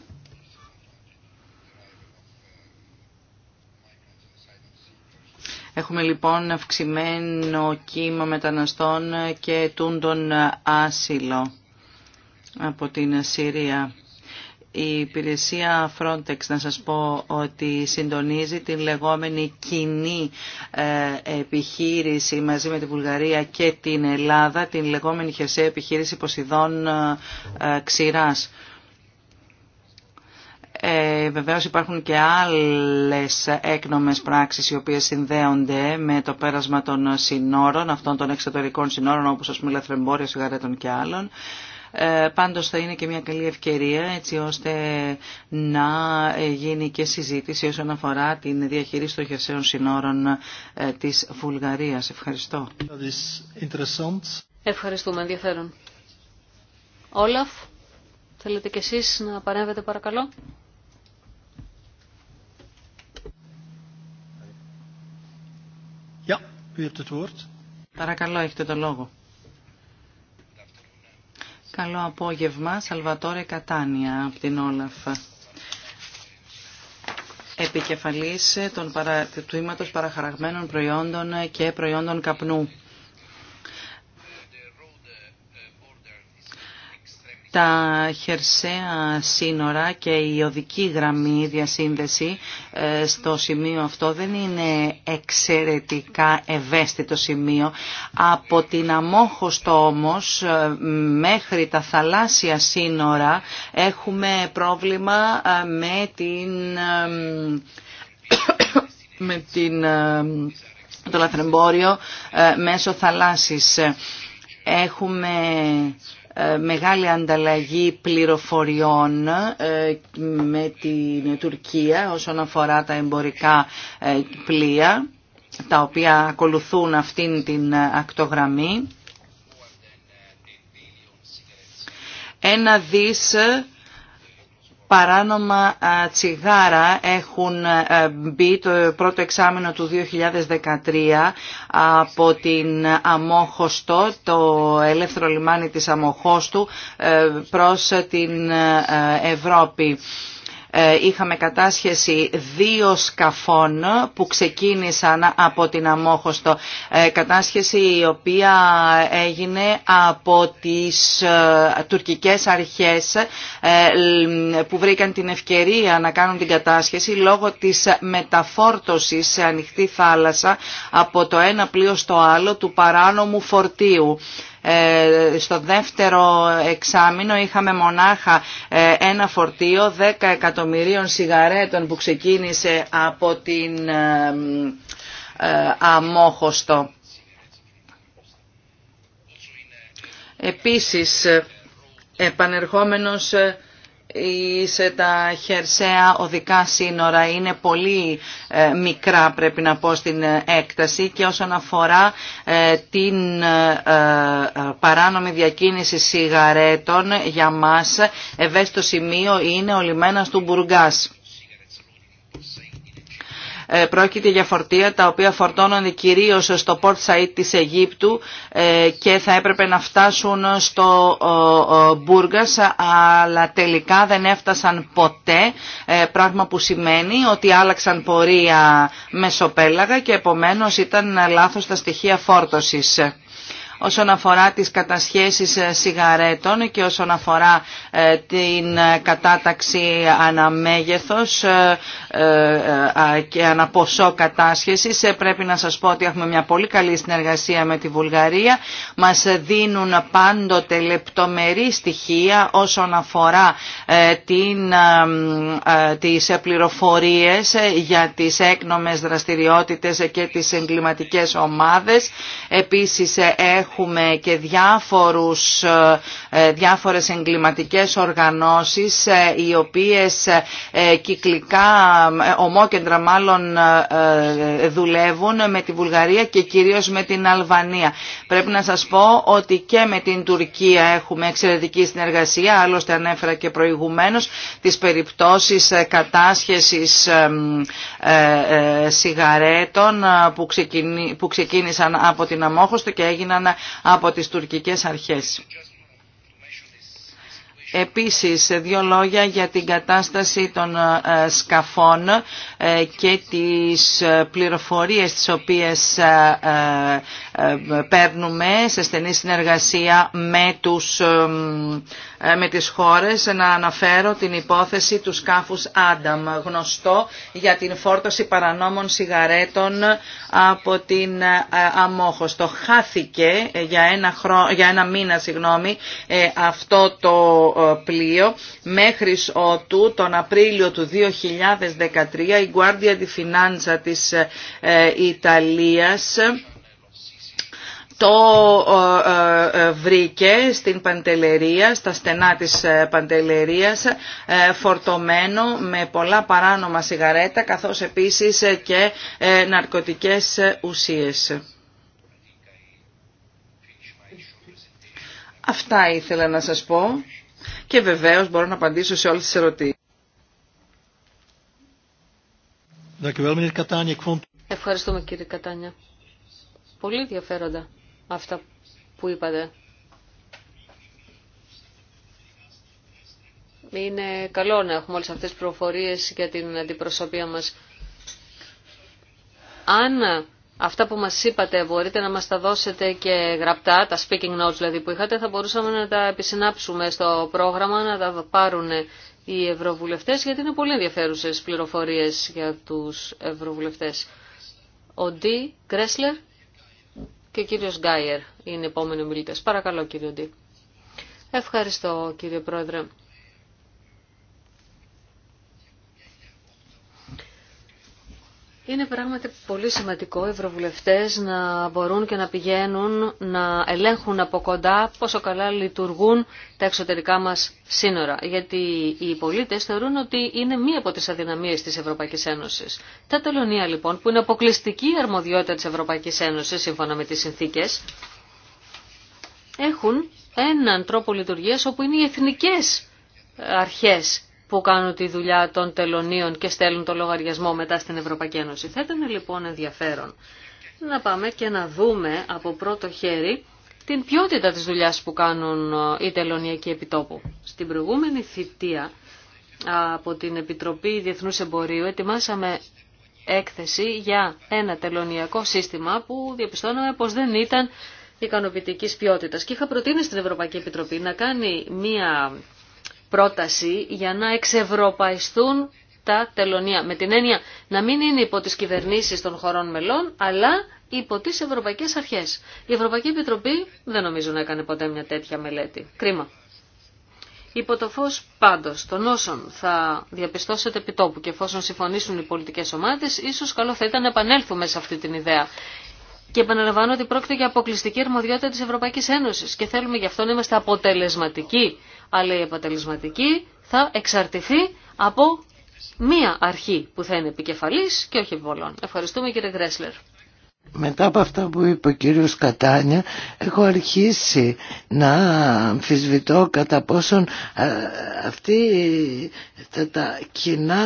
Έχουμε λοιπόν αυξημένο κύμα μεταναστών και τούντων άσυλο από την Συρία. Η υπηρεσία Frontex, να σας πω, ότι συντονίζει την λεγόμενη κοινή ε, επιχείρηση μαζί με τη Βουλγαρία και την Ελλάδα, την λεγόμενη χερσαία επιχείρηση Ποσειδών ε, ε, Ξηράς. Ε, βεβαίως υπάρχουν και άλλες έκνομες πράξεις οι οποίες συνδέονται με το πέρασμα των συνόρων, αυτών των εξωτερικών συνόρων όπως ας πούμε λαθρεμπόριο σιγαρέτων και άλλων. Ε, πάντως θα είναι και μια καλή ευκαιρία έτσι ώστε να γίνει και συζήτηση όσον αφορά την διαχείριση των χερσαίων συνόρων ε, της Βουλγαρίας. Ευχαριστώ. Ευχαριστούμε, ενδιαφέρον. Όλαφ, θέλετε κι εσείς να παρέμβετε παρακαλώ. Παρακαλώ, έχετε το λόγο. Καλό απόγευμα, Σαλβατόρε Κατάνια από την Όλαφ. Επικεφαλής των παρα... του παραχαραγμένων προϊόντων και προϊόντων καπνού. τα χερσαία σύνορα και η οδική γραμμή διασύνδεση ε, στο σημείο αυτό δεν είναι εξαιρετικά ευαίσθητο σημείο. Από την Αμόχωστο όμως ε, μέχρι τα θαλάσσια σύνορα έχουμε πρόβλημα ε, με την... με την το λαθρεμπόριο μέσω θαλάσσης. Έχουμε ε, μεγάλη ανταλλαγή πληροφοριών ε, με την Τουρκία όσον αφορά τα εμπορικά ε, πλοία τα οποία ακολουθούν αυτήν την ακτογραμμή. Ένα δις παράνομα τσιγάρα έχουν μπει το πρώτο εξάμεινο του 2013 από την Αμόχωστο, το ελεύθερο λιμάνι της Αμόχωστου ε, προς την ε, Ευρώπη. Ε, είχαμε κατάσχεση δύο σκαφών που ξεκίνησαν από την Αμόχωστο. Ε, κατάσχεση η οποία έγινε από τις ε, τουρκικές αρχές που βρήκαν την ευκαιρία να κάνουν την κατάσχεση λόγω της μεταφόρτωσης σε ανοιχτή θάλασσα από το ένα πλοίο στο άλλο του παράνομου φορτίου. Ε, στο δεύτερο εξάμεινο είχαμε μονάχα ε, ένα φορτίο 10 εκατομμυρίων σιγαρέτων που ξεκίνησε από την ε, αμόχωστο. Επίσης, επανερχόμενος σε τα χερσαία οδικά σύνορα είναι πολύ ε, μικρά πρέπει να πω στην έκταση και όσον αφορά ε, την ε, παράνομη διακίνηση σιγαρέτων για μας ευαίσθητο σημείο είναι ο λιμένας του Μπουργκάς. Ε, πρόκειται για φορτία τα οποία φορτώνονται κυρίως στο port site της Αιγύπτου ε, και θα έπρεπε να φτάσουν στο Μπούργας αλλά τελικά δεν έφτασαν ποτέ ε, πράγμα που σημαίνει ότι άλλαξαν πορεία μεσοπέλαγα και επομένως ήταν λάθος τα στοιχεία φόρτωσης όσον αφορά τις κατασχέσεις ε, σιγαρέτων και όσον αφορά ε, την ε, κατάταξη αναμέγεθος και αναποσό κατάσχεσης. Πρέπει να σας πω ότι έχουμε μια πολύ καλή συνεργασία με τη Βουλγαρία. Μας δίνουν πάντοτε λεπτομερή στοιχεία όσον αφορά την, τις πληροφορίες για τις έκνομες δραστηριότητες και τις εγκληματικές ομάδες. Επίσης έχουμε έχουμε και διάφορους, ε, διάφορες εγκληματικές οργανώσεις ε, οι οποίες ε, κυκλικά, ομόκεντρα μάλλον δουλεύουν με τη Βουλγαρία και κυρίως με την Αλβανία. Πρέπει να σας πω ότι και με την Τουρκία έχουμε εξαιρετική συνεργασία, άλλωστε ανέφερα και προηγουμένως τις περιπτώσεις κατάσχεσης σιγαρέτων που ξεκίνησαν από την αμόχωστο και έγιναν από τις τουρκικές αρχές. Επίσης, δύο λόγια για την κατάσταση των ε, σκαφών ε, και τις πληροφορίες τις οποίες ε, παίρνουμε σε στενή συνεργασία με τους ε, με τις χώρες να αναφέρω την υπόθεση του σκάφους Άνταμ, γνωστό για την φόρτωση παρανόμων σιγαρέτων από την ε, Αμόχος. Το Χάθηκε ε, για ένα, χρο... για ένα μήνα συγγνώμη, αυτό το πλοίο μέχρι ότου τον Απρίλιο του 2013 η Guardia di Finanza της Ιταλίας το ε, ε, βρήκε στην Παντελερία, στα στενά της ε, Παντελερίας, φορτωμένο με πολλά παράνομα σιγαρέτα, καθώς επίσης και ναρκωτικές ουσίες. Αυτά ήθελα να σας πω και βεβαίως μπορώ να απαντήσω σε όλες τις ερωτήσεις. Ευχαριστούμε κύριε Κατάνια. Πολύ ενδιαφέροντα αυτά που είπατε. Είναι καλό να έχουμε όλες αυτές τις προφορίες για την αντιπροσωπεία μας. Αν αυτά που μας είπατε μπορείτε να μας τα δώσετε και γραπτά, τα speaking notes δηλαδή που είχατε, θα μπορούσαμε να τα επισυνάψουμε στο πρόγραμμα, να τα πάρουν οι ευρωβουλευτές, γιατί είναι πολύ ενδιαφέρουσες πληροφορίες για τους ευρωβουλευτές. Ο Ντι Κρέσλερ και ο κύριος Γκάιερ είναι επόμενο μιλητή. Παρακαλώ κύριο Ντί. Ευχαριστώ κύριε Πρόεδρε. Είναι πράγματι πολύ σημαντικό οι ευρωβουλευτές να μπορούν και να πηγαίνουν να ελέγχουν από κοντά πόσο καλά λειτουργούν τα εξωτερικά μας σύνορα. Γιατί οι πολίτες θεωρούν ότι είναι μία από τις αδυναμίες της Ευρωπαϊκής Ένωσης. Τα τελωνία λοιπόν που είναι αποκλειστική αρμοδιότητα της Ευρωπαϊκής Ένωσης σύμφωνα με τις συνθήκες έχουν έναν τρόπο λειτουργίας όπου είναι οι εθνικές αρχές που κάνουν τη δουλειά των τελωνίων και στέλνουν το λογαριασμό μετά στην Ευρωπαϊκή Ένωση. Θα ήταν λοιπόν ενδιαφέρον να πάμε και να δούμε από πρώτο χέρι την ποιότητα της δουλειάς που κάνουν ε, οι τελωνιακοί επιτόπου. Στην προηγούμενη θητεία από την Επιτροπή Διεθνούς Εμπορίου ετοιμάσαμε έκθεση για ένα τελωνιακό σύστημα που διαπιστώναμε πως δεν ήταν ικανοποιητικής ποιότητας. Και είχα προτείνει στην Ευρωπαϊκή Επιτροπή να κάνει μία πρόταση για να εξευρωπαϊστούν τα τελωνία. Με την έννοια να μην είναι υπό τις κυβερνήσεις των χωρών μελών, αλλά υπό τις ευρωπαϊκές αρχές. Η Ευρωπαϊκή Επιτροπή δεν νομίζω να έκανε ποτέ μια τέτοια μελέτη. Κρίμα. Υπό το φως πάντως των όσων θα διαπιστώσετε επιτόπου και εφόσον συμφωνήσουν οι πολιτικές ομάδες, ίσως καλό θα ήταν να επανέλθουμε σε αυτή την ιδέα. Και επαναλαμβάνω ότι πρόκειται για αποκλειστική αρμοδιότητα της Ευρωπαϊκής Ένωσης και θέλουμε γι' αυτό να είμαστε αποτελεσματικοί αλλά η αποτελεσματική θα εξαρτηθεί από μία αρχή που θα είναι επικεφαλής και όχι πολλών. Ευχαριστούμε κύριε Γκρέσλερ. Μετά από αυτά που είπε ο κύριος Κατάνια, έχω αρχίσει να αμφισβητώ κατά πόσον ε, αυτή τα, τα κοινά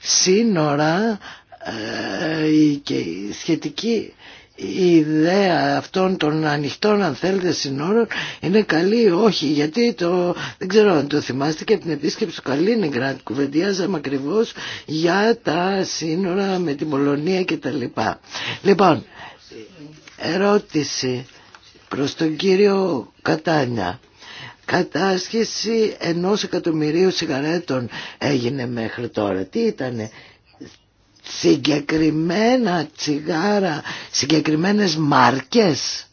σύνορα ε, και η σχετική η ιδέα αυτών των ανοιχτών αν θέλετε συνόρων είναι καλή όχι γιατί το, δεν ξέρω αν το θυμάστε και από την επίσκεψη του Καλίνιγκραντ κουβεντιάζαμε ακριβώ για τα σύνορα με την Μολονία και τα λοιπά. Λοιπόν, ερώτηση προς τον κύριο Κατάνια. Κατάσχεση ενός εκατομμυρίου σιγαρέτων έγινε μέχρι τώρα. Τι ήτανε συγκεκριμένα τσιγάρα, συγκεκριμένες μάρκες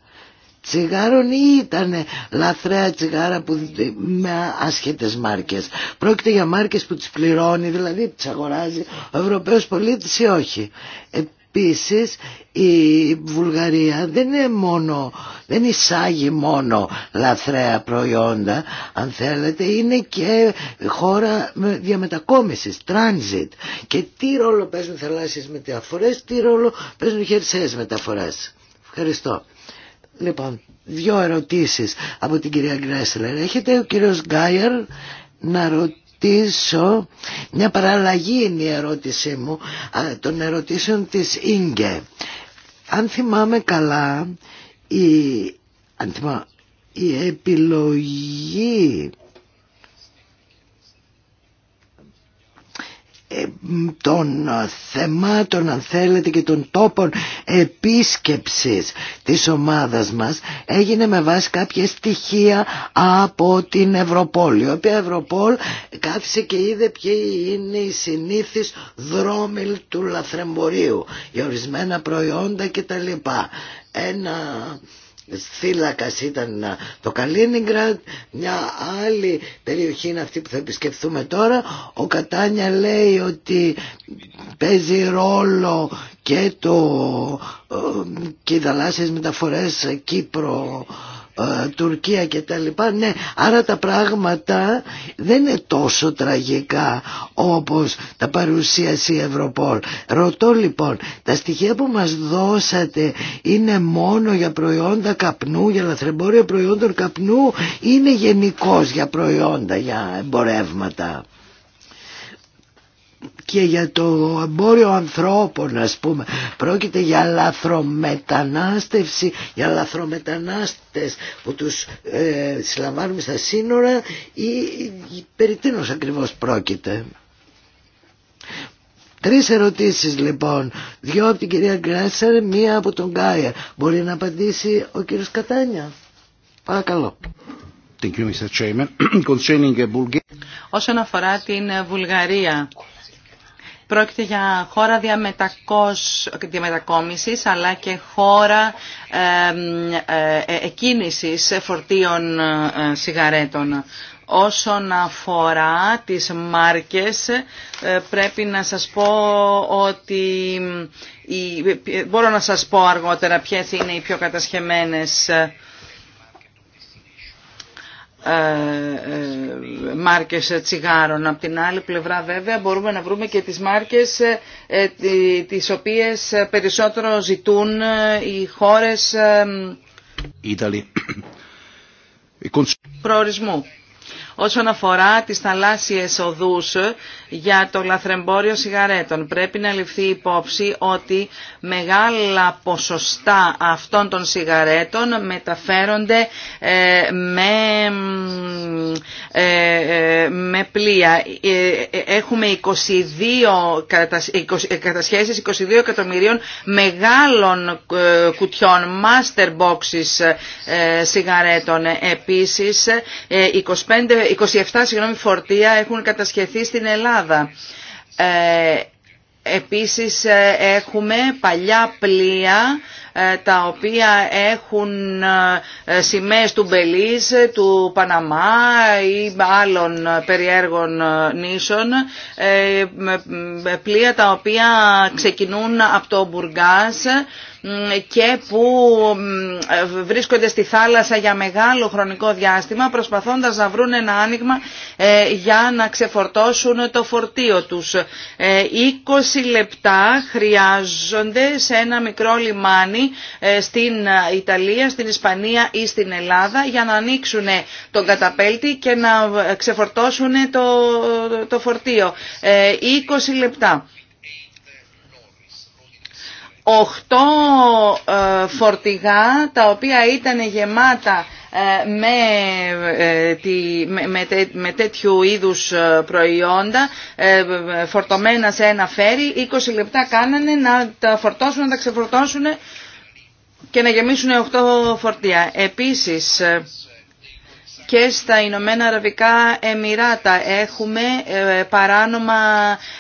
τσιγάρων ή ήταν λαθρέα τσιγάρα που, με άσχετες μάρκες. Πρόκειται για μάρκες που τις πληρώνει, δηλαδή τις αγοράζει ο Ευρωπαίος πολίτης ή όχι. Ε, Επίσης η Βουλγαρία δεν είναι μόνο, δεν εισάγει μόνο λαθρέα προϊόντα αν θέλετε είναι και χώρα διαμετακόμισης, transit και τι ρόλο παίζουν θαλάσσιες μεταφορές, τι ρόλο παίζουν χερσαίες μεταφορές. Ευχαριστώ. Λοιπόν, δύο ερωτήσεις από την κυρία Γκρέσλερ. Έχετε ο κύριος Γκάιερ να ρωτήσει ρωτήσω μια παραλλαγή είναι η ερώτησή μου των ερωτήσεων της Ίγκε αν θυμάμαι καλά η, αν η επιλογή των ε, θεμάτων αν θέλετε και των τόπων επίσκεψης της ομάδας μας έγινε με βάση κάποια στοιχεία από την Ευρωπόλη η οποία Ευρωπόλ κάθισε και είδε ποιοι είναι οι συνήθεις δρόμοι του λαθρεμπορίου για ορισμένα προϊόντα κτλ. Ένα θύλακας ήταν το Καλίνιγκραντ, μια άλλη περιοχή είναι αυτή που θα επισκεφθούμε τώρα. Ο Κατάνια λέει ότι παίζει ρόλο και, το, ε, και οι δαλάσσιες μεταφορές ε, Κύπρο ε, Τουρκία και τα λοιπά. Ναι, άρα τα πράγματα δεν είναι τόσο τραγικά όπως τα παρουσίασε η Ευρωπόλ. Ρωτώ λοιπόν, τα στοιχεία που μας δώσατε είναι μόνο για προϊόντα καπνού, για λαθρεμπόρια προϊόντων καπνού, είναι γενικώ για προϊόντα, για εμπορεύματα και για το εμπόριο ανθρώπων ας πούμε πρόκειται για λαθρομετανάστευση για λαθρομετανάστες που τους ε, συλλαμβάνουμε στα σύνορα ή, περί τίνος ακριβώς πρόκειται Τρεις ερωτήσεις λοιπόν, δυο από την κυρία Γκράσσερ μία από τον Γκάιερ. Μπορεί να απαντήσει ο κύριος Κατάνια. Παρακαλώ. Thank you, Mr. (clears throat) Concerning Bulgaria. Ε, Όσον αφορά την ε, Βουλγαρία, Πρόκειται για χώρα διαμετακόμισης αλλά και χώρα ε, ε, εκκίνησης φορτίων ε, σιγαρέτων. Όσον αφορά τις μάρκες, πρέπει να σας πω ότι μπορώ να σας πω αργότερα ποιες είναι οι πιο κατασχεμένες ε, ε, μάρκες ε, τσιγάρων. Από την άλλη πλευρά βέβαια μπορούμε να βρούμε και τις μάρκες τις οποίες περισσότερο ζητούν οι χώρες προορισμού όσον αφορά τις θαλάσσιες οδούς για το λαθρεμπόριο σιγαρέτων. Πρέπει να ληφθεί υπόψη ότι μεγάλα ποσοστά αυτών των σιγαρέτων μεταφέρονται ε, ε, ε, με, πλοία. Έχουμε 22 κατασχέσεις 22 εκατομμυρίων μεγάλων κουτιών, master boxes σιγαρέτων. Επίσης, 25 27 συγγνώμη, φορτία έχουν κατασχεθεί στην Ελλάδα. Ε, επίσης ε, έχουμε παλιά πλοία ε, τα οποία έχουν σημαίες του Μπελίς, του Παναμά ή άλλων περιέργων νήσων, πλοία τα οποία ξεκινούν από το Μπουργκάς και που ε, βρίσκονται στη θάλασσα για μεγάλο χρονικό διάστημα προσπαθώντας να βρουν ένα άνοιγμα ε, για να ξεφορτώσουν το φορτίο τους. 20 ε, λεπτά χρειάζονται σε ένα μικρό λιμάνι στην Ιταλία, στην Ισπανία ή στην Ελλάδα για να ανοίξουν τον καταπέλτη και να ξεφορτώσουν το, το φορτίο. 20 λεπτά οχτώ ε, φορτηγά τα οποία ήταν γεμάτα ε, ε, με, με, με τέτοιου είδους προϊόντα φορτωμένα σε ένα φέρι 20 λεπτά κάνανε να τα φορτώσουν, να τα ξεφορτώσουν και να γεμίσουν 8 φορτία. Επίσης και στα Ηνωμένα Αραβικά Εμμυράτα έχουμε ε, παράνομα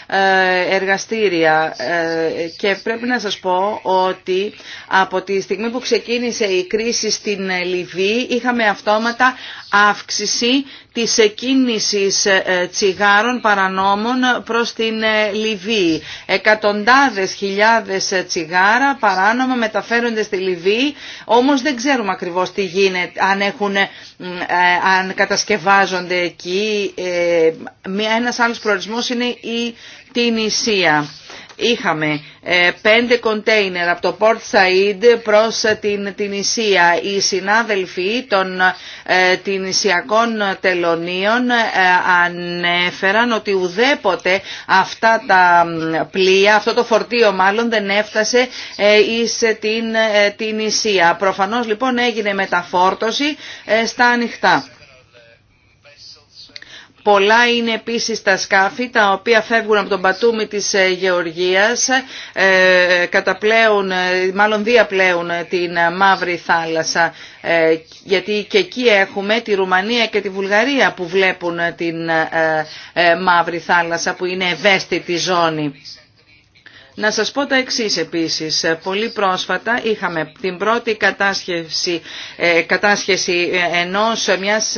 ε, εργαστήρια ε, και πρέπει να σας πω ότι από τη στιγμή που ξεκίνησε η κρίση στην Λιβύη είχαμε αυτόματα αύξηση της εκκίνησης ε, ε, τσιγάρων παρανόμων προς την ε, Λιβύη. Εκατοντάδες χιλιάδες τσιγάρα παράνομα μεταφέρονται στη Λιβύη, όμως δεν ξέρουμε ακριβώς τι γίνεται, αν, έχουν, αν κατασκευάζονται εκεί. Ένας άλλος προορισμός είναι η Τινησία. Είχαμε ε, πέντε κοντέινερ από το Port Said προς ε, την, Ισία. Οι συνάδελφοι των ε, την τελωνίων ε, ανέφεραν ότι ουδέποτε αυτά τα πλοία, αυτό το φορτίο μάλλον δεν έφτασε ε, εις την, ε, Προφανώς λοιπόν έγινε μεταφόρτωση στα ανοιχτά. Πολλά είναι επίσης τα σκάφη τα οποία φεύγουν από τον πατούμι της ε, Γεωργίας, ε, καταπλέουν, ε, μάλλον διαπλέουν την Μαύρη Θάλασσα, γιατί και εκεί έχουμε τη Ρουμανία και τη Βουλγαρία που βλέπουν την Μαύρη Θάλασσα που είναι ευαίσθητη ζώνη. Να σας πω τα εξής επίσης. Ε, πολύ πρόσφατα είχαμε την πρώτη κατάσχεση, ε, κατάσχεση ε, ενός μιας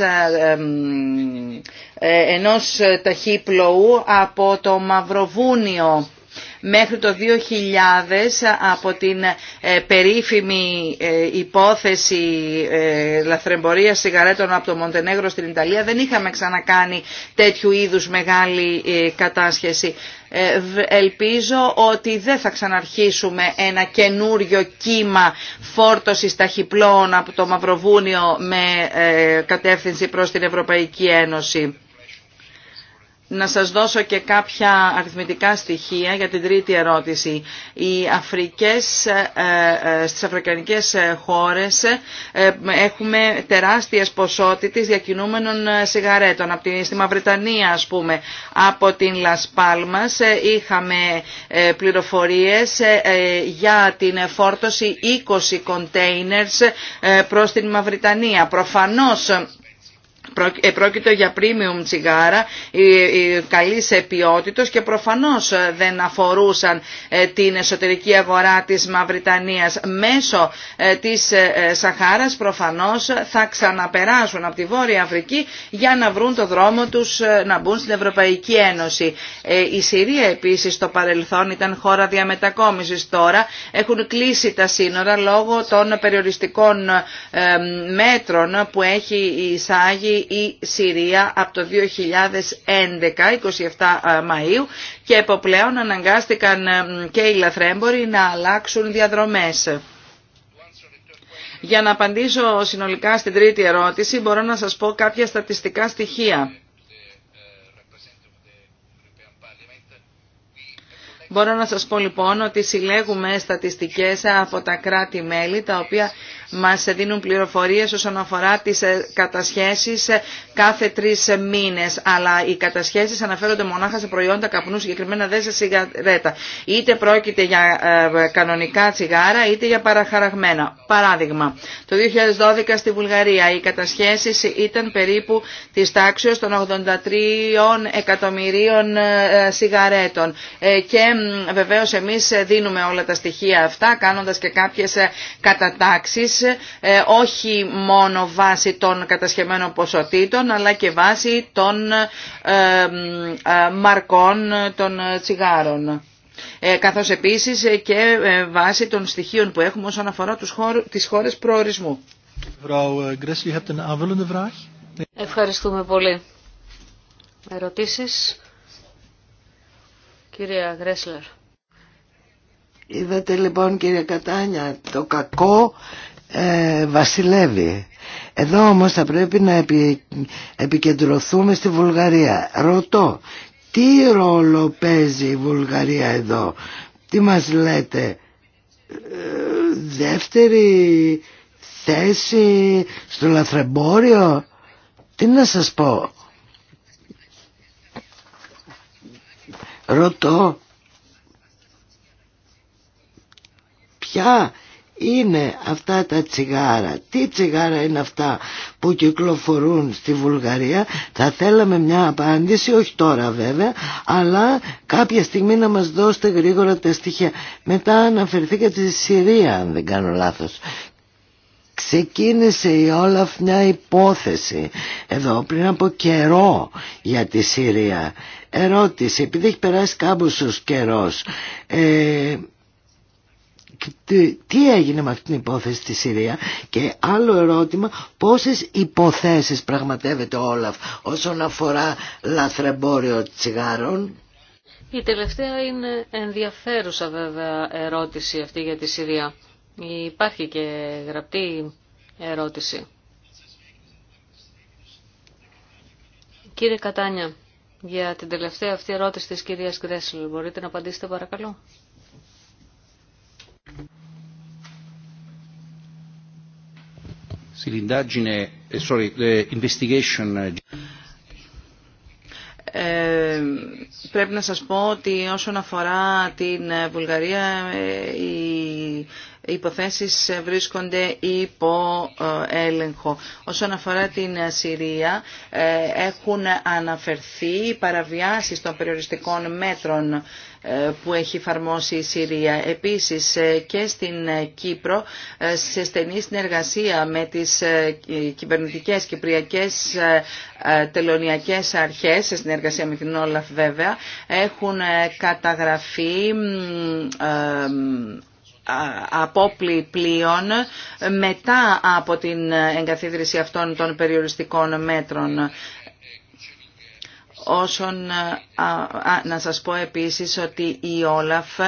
ενός ταχύπλοου από το Μαυροβούνιο μέχρι το 2000 από την περίφημη υπόθεση λαθρεμπορίας σιγαρέτων από το Μοντενέγρο στην Ιταλία δεν είχαμε ξανακάνει τέτοιου είδους μεγάλη κατάσχεση. Ε, ελπίζω ότι δεν θα ξαναρχίσουμε ένα καινούριο κύμα φόρτωσης ταχυπλών από το Μαυροβούνιο με ε, κατεύθυνση προς την Ευρωπαϊκή Ένωση να σας δώσω και κάποια αριθμητικά στοιχεία για την τρίτη ερώτηση. Οι Αφρικές, ε, ε, στις αφρικανικές χώρες ε, έχουμε τεράστιες ποσότητες διακινούμενων σιγαρέτων. Από την στη Μαυριτανία, ας πούμε, από την Πάλμας, είχαμε πληροφορίες για την φόρτωση 20 containers προς την Μαυριτανία. Προφανώς ε, πρόκειται για premium τσιγάρα καλής ποιότητα και προφανώς ε, δεν αφορούσαν ε, την εσωτερική αγορά της Μαυριτανίας. Μέσω της Σαχάρας προφανώς θα ξαναπεράσουν από τη Βόρεια Αφρική για να βρουν το δρόμο τους να μπουν στην Ευρωπαϊκή Ένωση. Η Συρία επίσης στο παρελθόν ήταν χώρα διαμετακόμισης τώρα. Έχουν κλείσει τα σύνορα λόγω των περιοριστικών μέτρων που έχει εισάγει η Συρία από το 2011, 27 ε, Μαΐου και εποπλέον αναγκάστηκαν ε, και οι λαθρέμποροι να αλλάξουν διαδρομές. Για να απαντήσω συνολικά στην τρίτη ερώτηση μπορώ να σας πω κάποια στατιστικά στοιχεία. Μπορώ να σας πω λοιπόν ότι συλλέγουμε στατιστικές από τα κράτη-μέλη τα οποία μας δίνουν πληροφορίες όσον αφορά τις ε, κατασχέσεις ε, κάθε τρεις ε, μήνες. Αλλά οι κατασχέσεις αναφέρονται μονάχα σε προϊόντα καπνού, συγκεκριμένα δεν σε σιγαρέτα. Είτε πρόκειται για κανονικά τσιγάρα, είτε για παραχαραγμένα. Παράδειγμα, το 2012 στη Βουλγαρία οι κατασχέσεις ήταν περίπου της τάξεως των 83 εκατομμυρίων σιγαρέτων. Και βεβαίως εμείς δίνουμε όλα τα στοιχεία αυτά, κάνοντας και κάποιες κατατάξεις ε, όχι μόνο βάσει των κατασκευμένων ποσοτήτων αλλά και βάσει των ε, ε, μαρκών των τσιγάρων. Καθώς επίσης και βάσει των στοιχείων που έχουμε όσον αφορά τους χώρε τις χώρες προορισμού. Ευχαριστούμε πολύ. Ερωτήσεις. Κυρία Γκρέσλερ. Είδατε λοιπόν κυρία Κατάνια το κακό ε, βασιλεύει. Εδώ όμως θα πρέπει να επικεντρωθούμε στη Βουλγαρία. Ρωτώ, τι ρόλο παίζει η Βουλγαρία εδώ. Τι μας λέτε, ε, δεύτερη θέση στο λαθρεμπόριο. Τι να σας πω. Ρωτώ, ποια είναι αυτά τα τσιγάρα, τι τσιγάρα είναι αυτά που κυκλοφορούν στη Βουλγαρία, θα θέλαμε μια απάντηση, όχι τώρα βέβαια, αλλά κάποια στιγμή να μας δώσετε γρήγορα τα στοιχεία. Μετά αναφερθήκατε στη Συρία, αν δεν κάνω λάθος. Ξεκίνησε η Όλαφ μια υπόθεση εδώ πριν από καιρό για τη Συρία. Ερώτηση, επειδή έχει περάσει κάμποσος καιρός, ε, τι έγινε με αυτή την υπόθεση στη Συρία και άλλο ερώτημα πόσες υποθέσεις πραγματεύεται ο Όλαφ όσον αφορά λαθρεμπόριο τσιγάρων. Η τελευταία είναι ενδιαφέρουσα βέβαια ερώτηση αυτή για τη Συρία. Υπάρχει και γραπτή ερώτηση. Κύριε Κατάνια, για την τελευταία αυτή ερώτηση της κυρίας Γκρέσλ, μπορείτε να απαντήσετε παρακαλώ. Eh, eh, ε, πρέπει να σας πω ότι όσον αφορά την ε, Βουλγαρία ε, η υποθέσεις βρίσκονται υπό ε, έλεγχο. Όσον αφορά την Συρία, ε, έχουν αναφερθεί παραβιάσεις των περιοριστικών μέτρων ε, που έχει εφαρμόσει η Συρία. Επίσης και στην Κύπρο σε στενή συνεργασία με τις κυβερνητικές κυπριακές τελωνιακές αρχές, σε συνεργασία με την Όλαφ βέβαια, έχουν καταγραφεί απόπλη πλοίων μετά από την εγκαθίδρυση αυτών των περιοριστικών μέτρων όσον να σας πω επίσης ότι η Όλαφ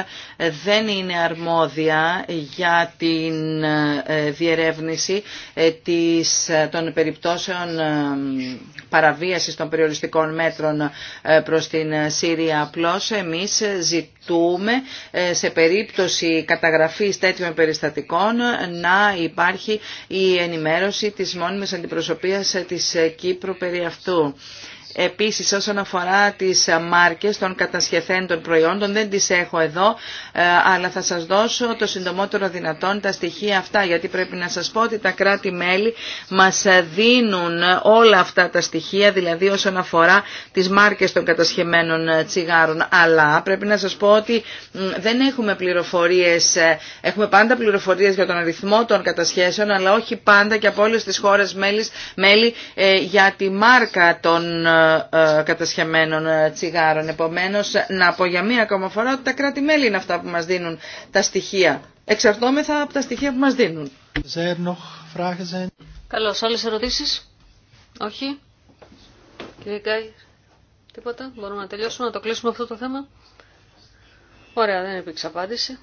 δεν είναι αρμόδια για την ε, διερεύνηση ε, της, ε, των περιπτώσεων παραβίασης των περιοριστικών μέτρων προς την Σύρια. Απλώς εμείς ζητούμε σε περίπτωση καταγραφής τέτοιων περιστατικών να υπάρχει η ενημέρωση της μόνιμης αντιπροσωπείας της Κύπρου περί αυτού. Επίσης όσον αφορά τις μάρκες των κατασχεθέντων προϊόντων, δεν τις έχω εδώ, ε, αλλά θα σας δώσω το συντομότερο δυνατόν τα στοιχεία αυτά, γιατί πρέπει να σας πω ότι τα κράτη-μέλη μας δίνουν όλα αυτά τα στοιχεία, δηλαδή όσον αφορά τις μάρκες των κατασχεμένων τσιγάρων. Αλλά πρέπει να σας πω ότι δεν έχουμε πληροφορίες, ε, έχουμε πάντα πληροφορίες για τον αριθμό των κατασχέσεων, αλλά όχι πάντα και από όλες τις χώρες μέλη ε, για τη μάρκα των ε, κατασχεμένων ε, τσιγάρων. Επομένως, να πω για μία ακόμα φορά ότι τα κράτη-μέλη είναι αυτά που μας δίνουν τα στοιχεία. Εξαρτώμεθα από τα στοιχεία που μας δίνουν. Καλώ άλλε ερωτήσει. Όχι? Κύριε Γκάι, τίποτα. Μπορούμε να τελειώσουμε, να το κλείσουμε αυτό το θέμα. Ωραία, δεν υπήρξε απάντηση.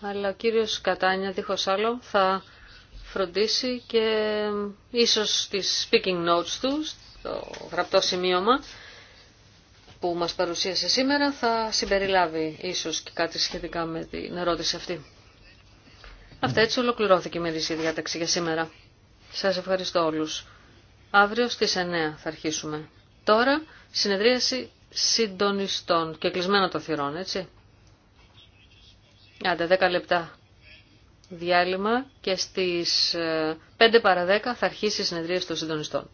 Αλλά ο κύριο Κατάνια, δίχω άλλο, θα φροντίσει και ίσως τις speaking notes του το γραπτό σημείωμα που μας παρουσίασε σήμερα θα συμπεριλάβει ίσως και κάτι σχετικά με την ερώτηση αυτή. Αυτά έτσι ολοκληρώθηκε η μερική διάταξη για σήμερα. Σας ευχαριστώ όλους. Αύριο στις 9 θα αρχίσουμε. Τώρα συνεδρίαση συντονιστών και κλεισμένο το θυρών, έτσι. Άντε 10 λεπτά διάλειμμα και στις 5 παρα 10 θα αρχίσει η συνεδρίαση των συντονιστών.